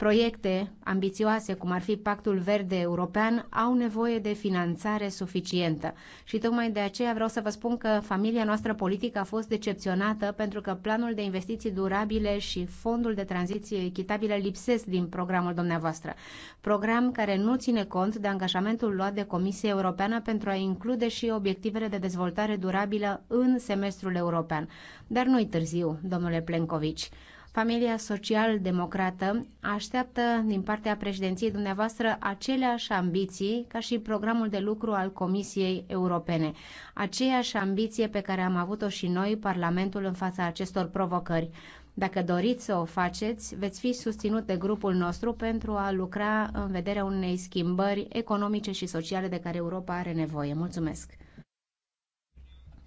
Proiecte ambițioase, cum ar fi Pactul Verde European, au nevoie de finanțare suficientă. Și tocmai de aceea vreau să vă spun că familia noastră politică a fost decepționată pentru că planul de investiții durabile și fondul de tranziție echitabilă lipsesc din programul dumneavoastră. Program care nu ține cont de angajamentul luat de Comisia Europeană pentru a include și obiectivele de dezvoltare durabilă în semestrul european. Dar nu-i târziu, domnule Plencovici. Familia social-democrată așteaptă din partea președinției dumneavoastră aceleași ambiții ca și programul de lucru al Comisiei Europene, aceeași ambiție pe care am avut-o și noi, Parlamentul, în fața acestor provocări. Dacă doriți să o faceți, veți fi susținut de grupul nostru pentru a lucra în vederea unei schimbări economice și sociale de care Europa are nevoie. Mulțumesc!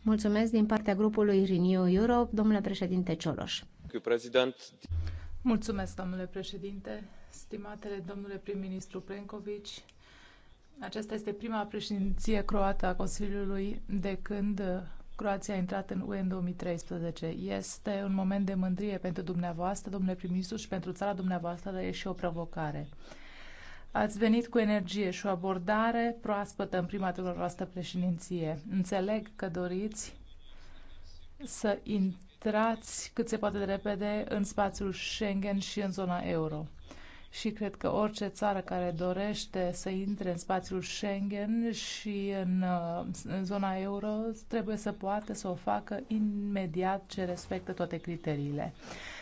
Mulțumesc din partea grupului Renew Europe, domnule președinte Cioloș. Mulțumesc, domnule președinte stimatele domnule prim ministru plenkovi aceasta este prima președinție croată a consiliului de când croația a intrat în ue în. două mii treisprezece este un moment de mândrie pentru dumneavoastră domnule prim ministru și pentru țara dumneavoastră dar e și o provocare. Ați venit cu energie și o abordare proaspătă în prima dumneavoastră președinție. Înțeleg că doriți să in intrați cât se poate de repede în spațiul Schengen și în zona euro. Și cred că orice țară care dorește să intre în spațiul Schengen și în, uh, în zona euro trebuie să poată să o facă imediat ce respectă toate criteriile.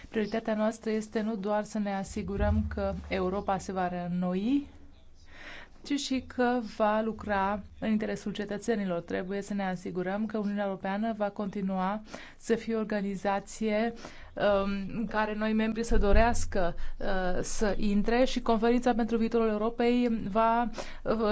Prioritatea noastră este nu doar să ne asigurăm că Europa se va reînnoi, ci și că va lucra în interesul cetățenilor. Trebuie să ne asigurăm că Uniunea Europeană va continua să fie o organizație Um, în care noi membrii să dorească uh, să intre și conferința pentru viitorul Europei va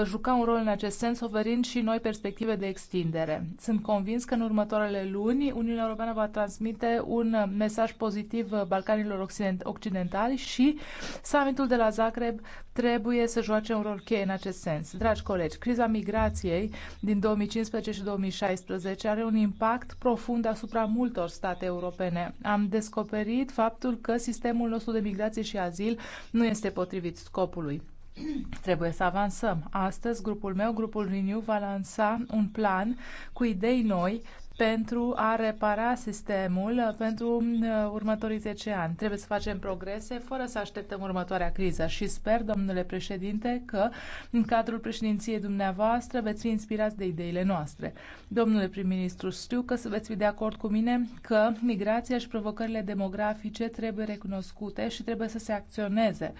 juca un rol în acest sens, oferind și noi perspective de extindere. Sunt convins că în următoarele luni Uniunea Europeană va transmite un mesaj pozitiv Balcanilor Occidentali și summitul de la Zagreb trebuie să joace un rol cheie în acest sens. Dragi colegi, criza migrației din 2015 și 2016 are un impact profund asupra multor state europene. Am descoperit descoperit faptul că sistemul nostru de migrație și azil nu este potrivit scopului. Trebuie să avansăm. Astăzi, grupul meu, grupul Renew, va lansa un plan cu idei noi pentru a repara sistemul pentru uh, următorii 10 ani. Trebuie să facem progrese fără să așteptăm următoarea criză și sper, domnule președinte, că în cadrul președinției dumneavoastră veți fi inspirați de ideile noastre. Domnule prim-ministru, știu că să veți fi de acord cu mine că migrația și provocările demografice trebuie recunoscute și trebuie să se acționeze.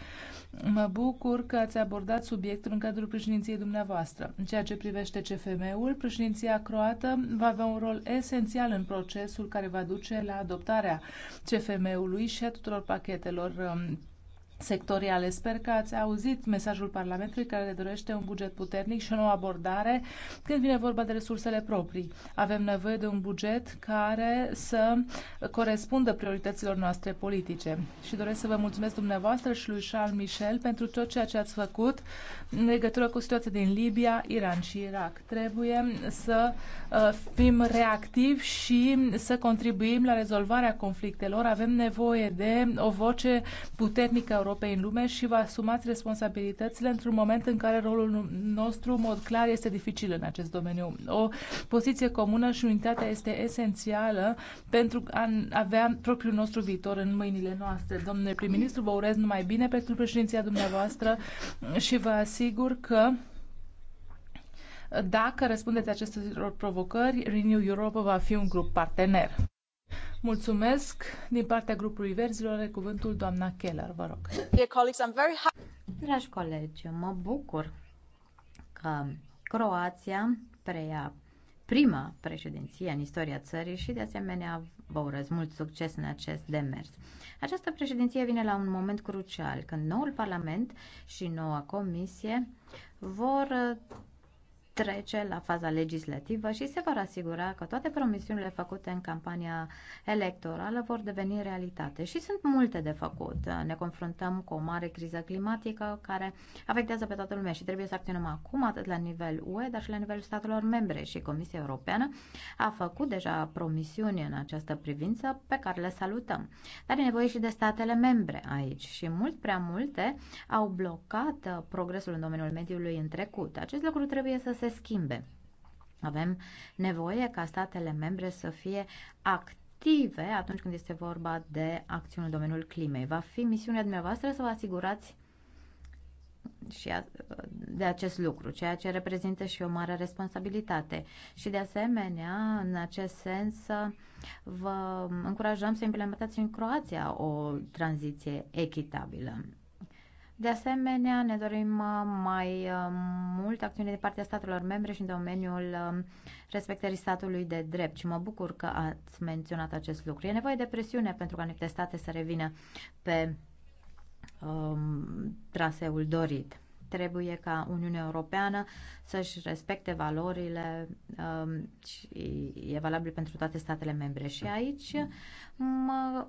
Mă bucur că ați abordat subiectul în cadrul președinției dumneavoastră. În ceea ce privește CFM-ul, președinția croată va avea un rol esențial în procesul care va duce la adoptarea CFM-ului și a tuturor pachetelor um, sectoriale. Sper că ați auzit mesajul Parlamentului care le dorește un buget puternic și o nouă abordare când vine vorba de resursele proprii. Avem nevoie de un buget care să corespundă priorităților noastre politice. Și doresc să vă mulțumesc dumneavoastră și lui Charles Michel pentru tot ceea ce ați făcut în legătură cu situația din Libia, Iran și Irak. Trebuie să uh, fim reactivi și să contribuim la rezolvarea conflictelor. Avem nevoie de o voce puternică europeană Europei în lume și vă asumați responsabilitățile într-un moment în care rolul nostru, în mod clar, este dificil în acest domeniu. O poziție comună și unitatea este esențială pentru a avea propriul nostru viitor în mâinile noastre. Domnule prim-ministru, vă urez numai bine pentru președinția dumneavoastră și vă asigur că dacă răspundeți acestor provocări, Renew Europe va fi un grup partener. Mulțumesc. Din partea grupului Verzilor are cuvântul doamna Keller, vă rog. Dragi colegi, mă bucur că Croația preia prima președinție în istoria țării și de asemenea vă urez mult succes în acest demers. Această președinție vine la un moment crucial, când noul Parlament și noua Comisie vor trece la faza legislativă și se vor asigura că toate promisiunile făcute în campania electorală vor deveni realitate. Și sunt multe de făcut. Ne confruntăm cu o mare criză climatică care afectează pe toată lumea și trebuie să acționăm acum atât la nivel UE, dar și la nivelul statelor membre și Comisia Europeană a făcut deja promisiuni în această privință pe care le salutăm. Dar e nevoie și de statele membre aici și mult prea multe au blocat uh, progresul în domeniul mediului în trecut. Acest lucru trebuie să se schimbe. Avem nevoie ca statele membre să fie active atunci când este vorba de acțiuni în domeniul climei. Va fi misiunea dumneavoastră să vă asigurați și de acest lucru, ceea ce reprezintă și o mare responsabilitate. Și de asemenea, în acest sens, vă încurajăm să implementați în Croația o tranziție echitabilă. De asemenea, ne dorim uh, mai uh, mult acțiune de partea statelor membre și în domeniul um, respectării statului de drept și mă bucur că ați menționat acest lucru. E nevoie de presiune pentru ca anumite state să revină pe um, traseul dorit. Trebuie ca Uniunea Europeană să-și respecte valorile um, și e valabil pentru toate statele membre. Și aici mă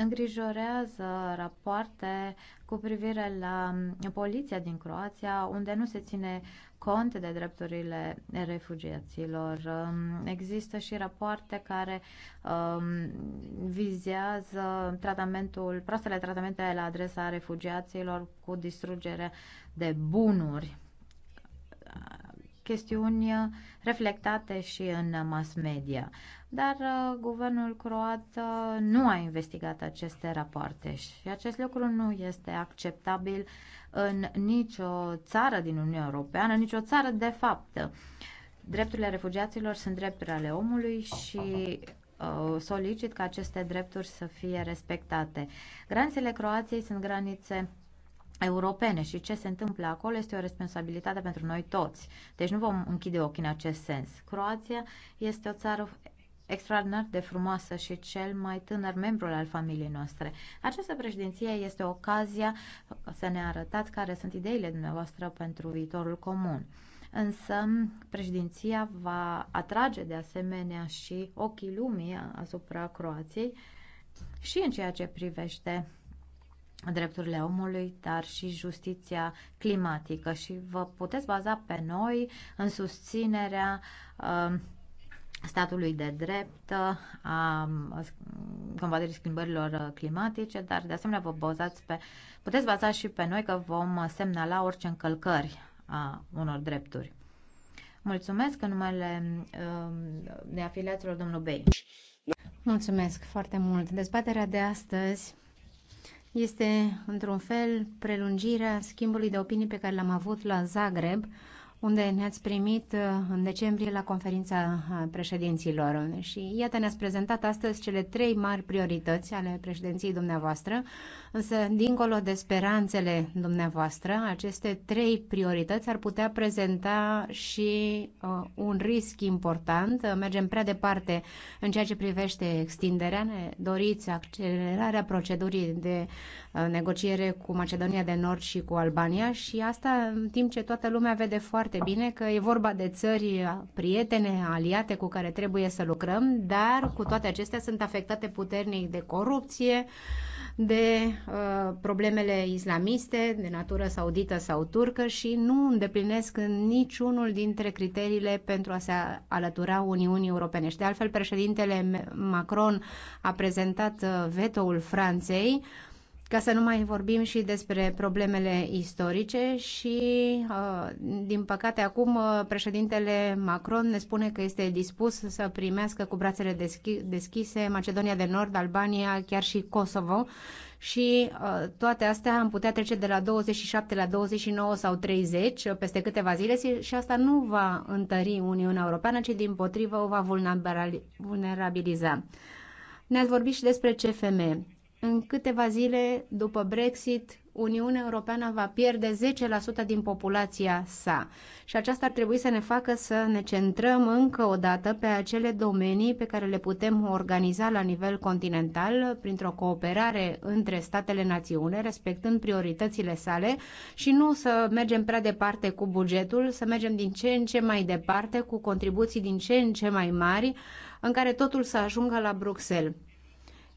îngrijorează rapoarte cu privire la poliția din Croația, unde nu se ține cont de drepturile refugiaților. Um, există și rapoarte care um, vizează tratamentul, proastele tratamente la adresa refugiaților cu distrugere de bunuri chestiuni reflectate și în mass media. Dar uh, guvernul croat uh, nu a investigat aceste rapoarte și acest lucru nu este acceptabil în nicio țară din Uniunea Europeană, nicio țară de fapt. Drepturile refugiaților sunt drepturi ale omului și uh, solicit ca aceste drepturi să fie respectate. Granițele Croației sunt granițe europene și ce se întâmplă acolo este o responsabilitate pentru noi toți. Deci nu vom închide ochii în acest sens. Croația este o țară extraordinar de frumoasă și cel mai tânăr membru al familiei noastre. Această președinție este ocazia să ne arătați care sunt ideile dumneavoastră pentru viitorul comun. Însă președinția va atrage de asemenea și ochii lumii asupra Croației și în ceea ce privește drepturile omului, dar și justiția climatică și vă puteți baza pe noi în susținerea um, statului de drept, a um, combaterii schimbărilor climatice, dar de asemenea vă bazați pe, puteți baza și pe noi că vom semnala orice încălcări a unor drepturi. Mulțumesc în numele neafiliaților um, domnul Bei. Mulțumesc foarte mult. Dezbaterea de astăzi este, într-un fel, prelungirea schimbului de opinii pe care l-am avut la Zagreb unde ne-ați primit uh, în decembrie la conferința uh, președinților. Și iată, ne-ați prezentat astăzi cele trei mari priorități ale președinției dumneavoastră, însă, dincolo de speranțele dumneavoastră, aceste trei priorități ar putea prezenta și uh, un risc important. Mergem prea departe în ceea ce privește extinderea. Ne doriți accelerarea procedurii de uh, negociere cu Macedonia de Nord și cu Albania și asta în timp ce toată lumea vede foarte foarte bine că e vorba de țări prietene, aliate cu care trebuie să lucrăm, dar cu toate acestea sunt afectate puternic de corupție, de uh, problemele islamiste, de natură saudită sau turcă și nu îndeplinesc niciunul dintre criteriile pentru a se alătura Uniunii Europene. Și de altfel, președintele Macron a prezentat uh, vetoul Franței uh, ca să nu mai vorbim și despre problemele istorice și, uh, din păcate, acum uh, președintele Macron ne spune că este dispus să primească cu brațele deschise Macedonia de Nord, Albania, chiar și Kosovo și uh, toate astea am putea trece de la 27 la 29 sau 30 peste câteva zile și asta nu va întări Uniunea Europeană, ci din potrivă o va vulnerabiliza. Ne-ați vorbit și despre CFM. În câteva zile după Brexit, Uniunea Europeană va pierde 10% din populația sa. Și aceasta ar trebui să ne facă să ne centrăm încă o dată pe acele domenii pe care le putem organiza la nivel continental printr-o cooperare între statele națiune, respectând prioritățile sale și nu să mergem prea departe cu bugetul, să mergem din ce în ce mai departe cu contribuții din ce în ce mai mari, în care totul să ajungă la Bruxelles.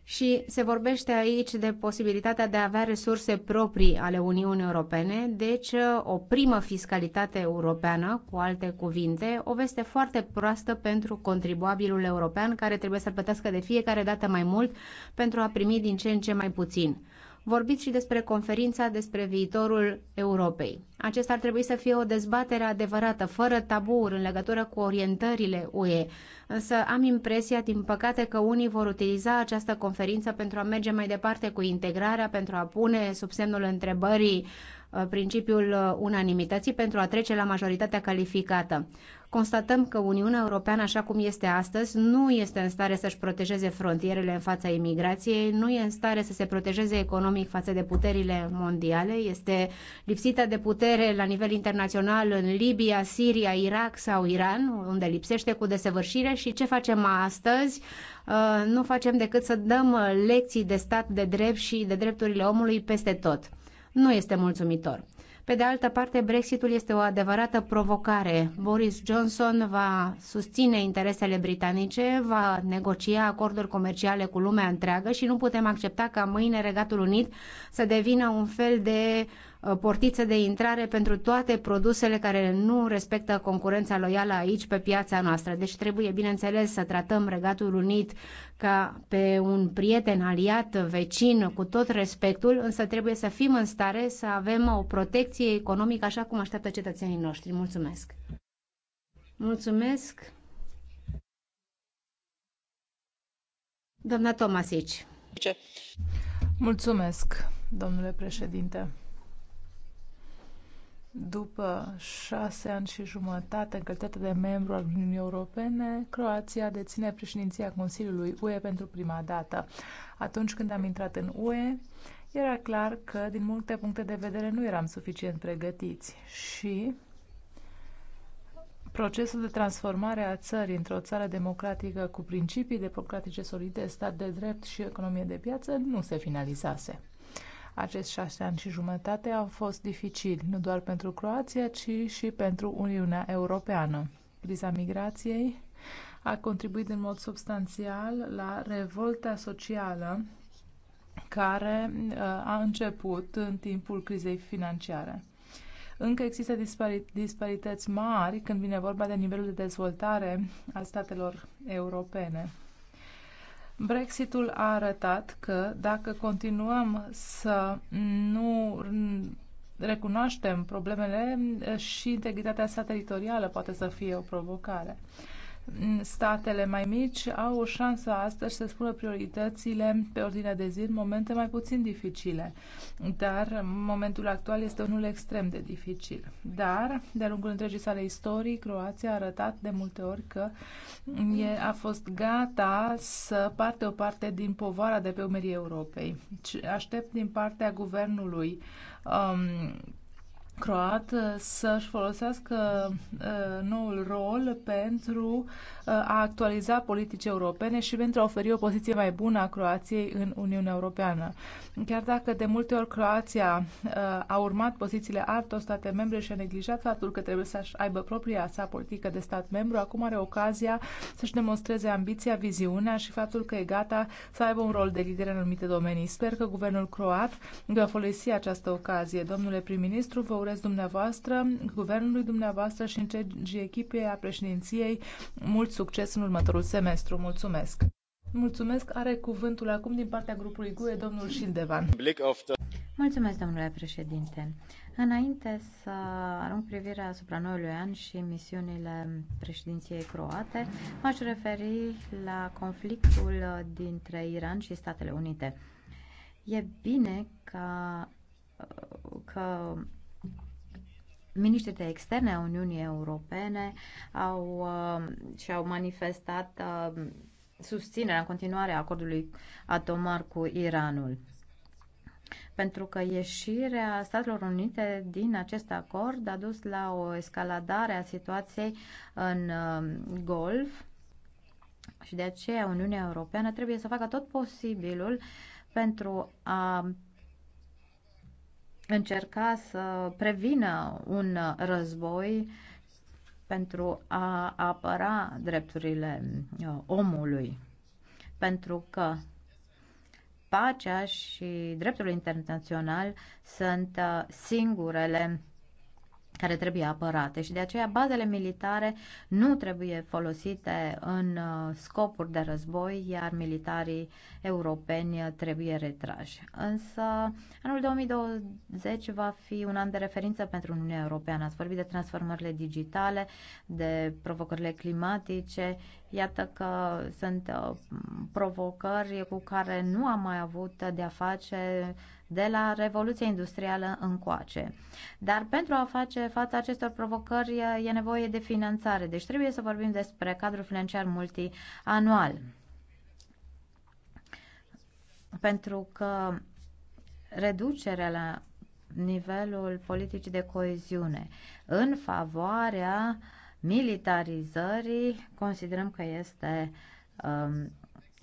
Și se vorbește aici de posibilitatea de a avea resurse proprii ale Uniunii Europene, deci uh, o primă fiscalitate europeană, cu alte cuvinte, o veste foarte proastă pentru contribuabilul european care trebuie să plătească de fiecare dată mai mult pentru a primi din ce în ce mai puțin vorbiți și despre conferința despre viitorul Europei. Acesta ar trebui să fie o dezbatere adevărată, fără taburi în legătură cu orientările UE. Însă am impresia, din păcate, că unii vor utiliza această conferință pentru a merge mai departe cu integrarea, pentru a pune sub semnul întrebării uh, principiul uh, unanimității pentru a trece la majoritatea calificată constatăm că Uniunea Europeană, așa cum este astăzi, nu este în stare să-și protejeze frontierele în fața imigrației, nu e în stare să se protejeze economic față de puterile mondiale, este lipsită de putere la nivel internațional în Libia, Siria, Irak sau Iran, unde lipsește cu desăvârșire și ce facem astăzi? Uh, nu facem decât să dăm lecții de stat de drept și de drepturile omului peste tot. Nu este mulțumitor. Pe de altă parte, Brexitul este o adevărată provocare. Boris Johnson va susține interesele britanice, va negocia acorduri comerciale cu lumea întreagă și nu putem accepta ca mâine Regatul Unit să devină un fel de uh, Uh, portiță de intrare pentru toate produsele care nu respectă concurența loială aici pe piața noastră. Deci trebuie, bineînțeles, să tratăm Regatul Unit ca pe un prieten, aliat, vecin, cu tot respectul, însă trebuie să fim în stare să avem o protecție economică așa cum așteaptă cetățenii noștri. Mulțumesc! Mulțumesc! Doamna Tomasici. Mulțumesc, domnule președinte. După șase ani și jumătate în calitate de membru al Uniunii Europene, Croația deține președinția Consiliului UE pentru prima dată. Atunci când am intrat în UE, era clar că, din multe puncte de vedere, nu eram suficient pregătiți și procesul de transformare a țării într-o țară democratică cu principii democratice solide, stat de drept și economie de piață nu se finalizase. Acești șase ani și jumătate au fost dificili, nu doar pentru Croația, ci și pentru Uniunea Europeană. Criza migrației a contribuit în mod substanțial la revolta socială care uh, a început în timpul crizei financiare. Încă există dispari- disparități mari când vine vorba de nivelul de dezvoltare al statelor europene. Brexitul a arătat că dacă continuăm să nu recunoaștem problemele și integritatea sa teritorială poate să fie o provocare statele mai mici au o șansă astăzi să spună prioritățile pe ordinea de zi în momente mai puțin dificile. Dar momentul actual este unul extrem de dificil. Dar, de-a lungul întregii sale istorii, Croația a arătat de multe ori că e, a fost gata să parte o parte din povara de pe umerii Europei. Aștept din partea guvernului um, croat uh, să-și folosească uh, noul rol pentru uh, a actualiza politici europene și pentru a oferi o poziție mai bună a Croației în Uniunea Europeană. Chiar dacă de multe ori Croația a urmat pozițiile altor state membre și a neglijat faptul că trebuie să-și aibă propria sa politică de stat membru, acum are ocazia să-și demonstreze ambiția, viziunea și faptul că e gata să aibă un rol de lider în anumite domenii. Sper că guvernul croat va folosi această ocazie. Domnule prim-ministru, vă urez dumneavoastră, guvernului dumneavoastră și întregii echipe a președinției mult succes în următorul semestru. Mulțumesc! Mulțumesc. Are cuvântul acum din partea grupului GUE domnul Șildevan. Mulțumesc, domnule președinte. Înainte să arunc privirea asupra noului an și misiunile președinției croate, m-aș referi la conflictul dintre Iran și Statele Unite. E bine ca, că Miniștrii de externe a Uniunii Europene au, uh, și-au manifestat uh, susținerea în continuare a acordului atomar cu Iranul pentru că ieșirea Statelor Unite din acest acord a dus la o escaladare a situației în uh, Golf și de aceea Uniunea Europeană trebuie să facă tot posibilul pentru a încerca să prevină un război pentru a apăra drepturile uh, omului. Pentru că pacea și dreptul internațional sunt uh, singurele care trebuie apărate și de aceea bazele militare nu trebuie folosite în uh, scopuri de război, iar militarii europeni trebuie retrași. Însă anul 2020 va fi un an de referință pentru Uniunea Europeană. Ați vorbit de transformările digitale, de provocările climatice. Iată că sunt uh, provocări cu care nu am mai avut de-a face de la Revoluția Industrială încoace. Dar pentru a face față acestor provocări e nevoie de finanțare, deci trebuie să vorbim despre cadrul financiar multianual. Pentru că reducerea la nivelul politicii de coeziune în favoarea militarizării considerăm că este um,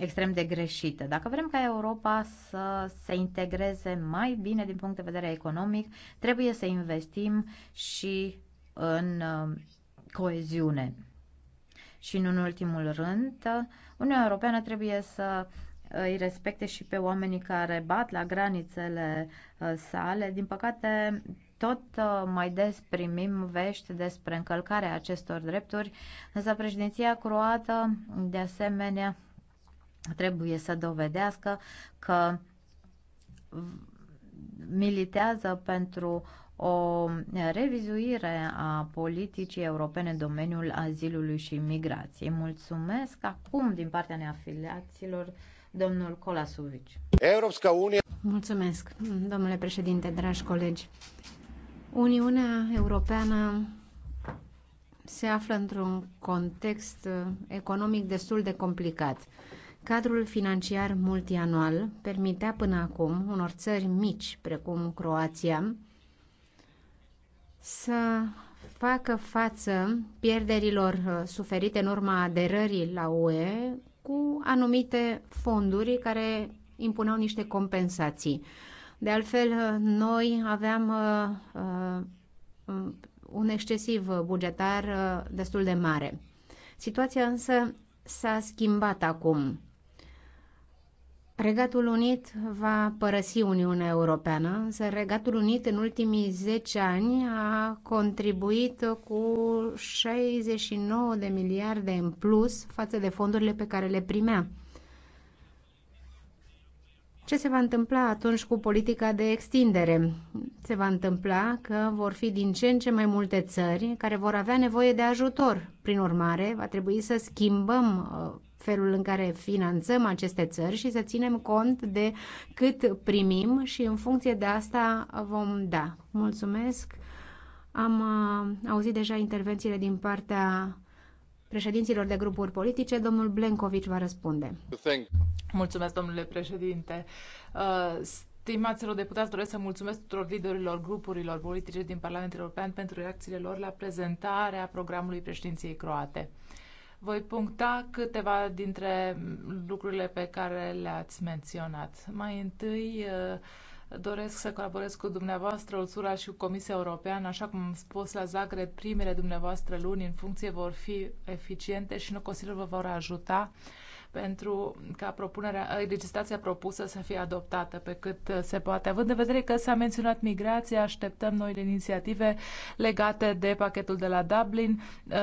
extrem de greșită. Dacă vrem ca Europa să se integreze mai bine din punct de vedere economic, trebuie să investim și în uh, coeziune. Și în ultimul rând, Uniunea Europeană trebuie să uh, îi respecte și pe oamenii care bat la granițele uh, sale. Din păcate, tot mai des primim vești despre încălcarea acestor drepturi, însă președinția croată, de asemenea, trebuie să dovedească că militează pentru o revizuire a politicii europene în domeniul azilului și migrației. Mulțumesc acum din partea neafiliaților domnul Colasuvici. Europska Unie. Mulțumesc, domnule președinte, dragi colegi. Uniunea Europeană se află într-un context economic destul de complicat Cadrul financiar multianual permitea până acum unor țări mici, precum Croația, să facă față pierderilor uh, suferite în urma aderării la UE cu anumite fonduri care impuneau niște compensații. De altfel, uh, noi aveam uh, uh, un excesiv bugetar uh, destul de mare. Situația însă s-a schimbat acum. Regatul Unit va părăsi Uniunea Europeană, însă Regatul Unit în ultimii 10 ani a contribuit cu 69 de miliarde în plus față de fondurile pe care le primea. Ce se va întâmpla atunci cu politica de extindere? Se va întâmpla că vor fi din ce în ce mai multe țări care vor avea nevoie de ajutor. Prin urmare, va trebui să schimbăm uh, felul în care finanțăm aceste țări și să ținem cont de cât primim și în funcție de asta vom da. Mulțumesc! Am uh, auzit deja intervențiile din partea președinților de grupuri politice. Domnul Blencovici va răspunde. Mulțumesc, domnule președinte. Uh, Stimaților deputați, doresc să mulțumesc tuturor liderilor grupurilor politice din Parlamentul European pentru reacțiile lor la prezentarea programului președinției croate. Voi puncta câteva dintre lucrurile pe care le-ați menționat. Mai întâi, uh, doresc să colaborez cu dumneavoastră, Ursula, și cu Comisia Europeană. Așa cum am spus la Zagreb, primele dumneavoastră luni în funcție vor fi eficiente și nu Consiliul vă vor ajuta uh, pentru ca propunerea, eh, legislația propusă să fie adoptată pe cât eh, se poate. Având în vedere că s-a menționat migrația, așteptăm noi inițiative legate de pachetul de la Dublin. Eh,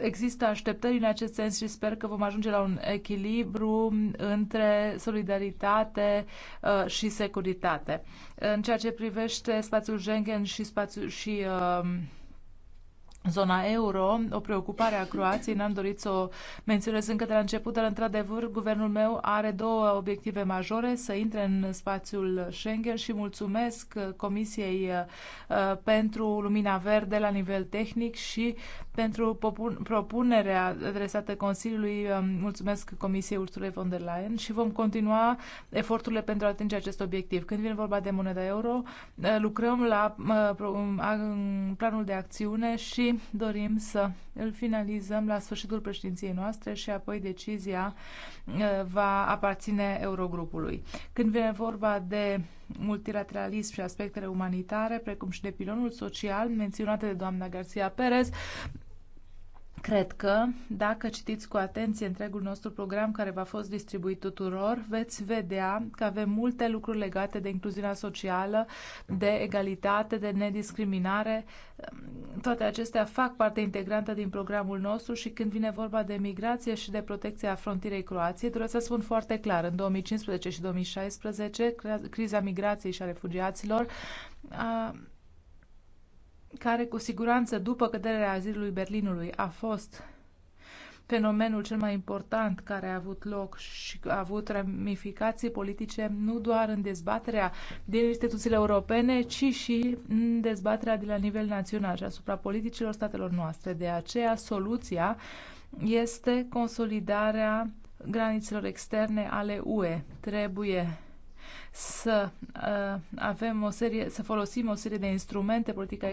există așteptări în acest sens și sper că vom ajunge la un echilibru între solidaritate și securitate. În ceea ce privește spațiul Schengen și spațiul și uh, zona euro, o preocupare a Croației, n-am dorit să o menționez încă de la început, dar într-adevăr guvernul meu are două obiective majore, să intre în spațiul Schengen și mulțumesc Comisiei uh, pentru Lumina Verde la nivel tehnic și pentru propunerea adresată Consiliului, um, mulțumesc Comisiei Ursulei von der Leyen și vom continua eforturile pentru a atinge acest obiectiv. Când vine vorba de moneda euro, uh, lucrăm la uh, um, planul de acțiune și dorim să îl finalizăm la sfârșitul președinției noastre și apoi decizia uh, va aparține Eurogrupului. Când vine vorba de multilateralism și aspectele umanitare, precum și de pilonul social menționate de doamna Garcia Perez, Cred că, dacă citiți cu atenție întregul nostru program care va fost distribuit tuturor, veți vedea că avem multe lucruri legate de incluziunea socială, de egalitate, de nediscriminare. Toate acestea fac parte integrantă din programul nostru și când vine vorba de migrație și de protecția frontierei Croației, trebuie să spun foarte clar, în 2015 și 2016, criza migrației și a refugiaților care cu siguranță după căderea zidului Berlinului a fost fenomenul cel mai important care a avut loc și a avut ramificații politice nu doar în dezbaterea din instituțiile europene, ci și în dezbaterea de la nivel național și asupra politicilor statelor noastre. De aceea, soluția este consolidarea granițelor externe ale UE. Trebuie să uh, avem o serie, să folosim o serie de instrumente, politica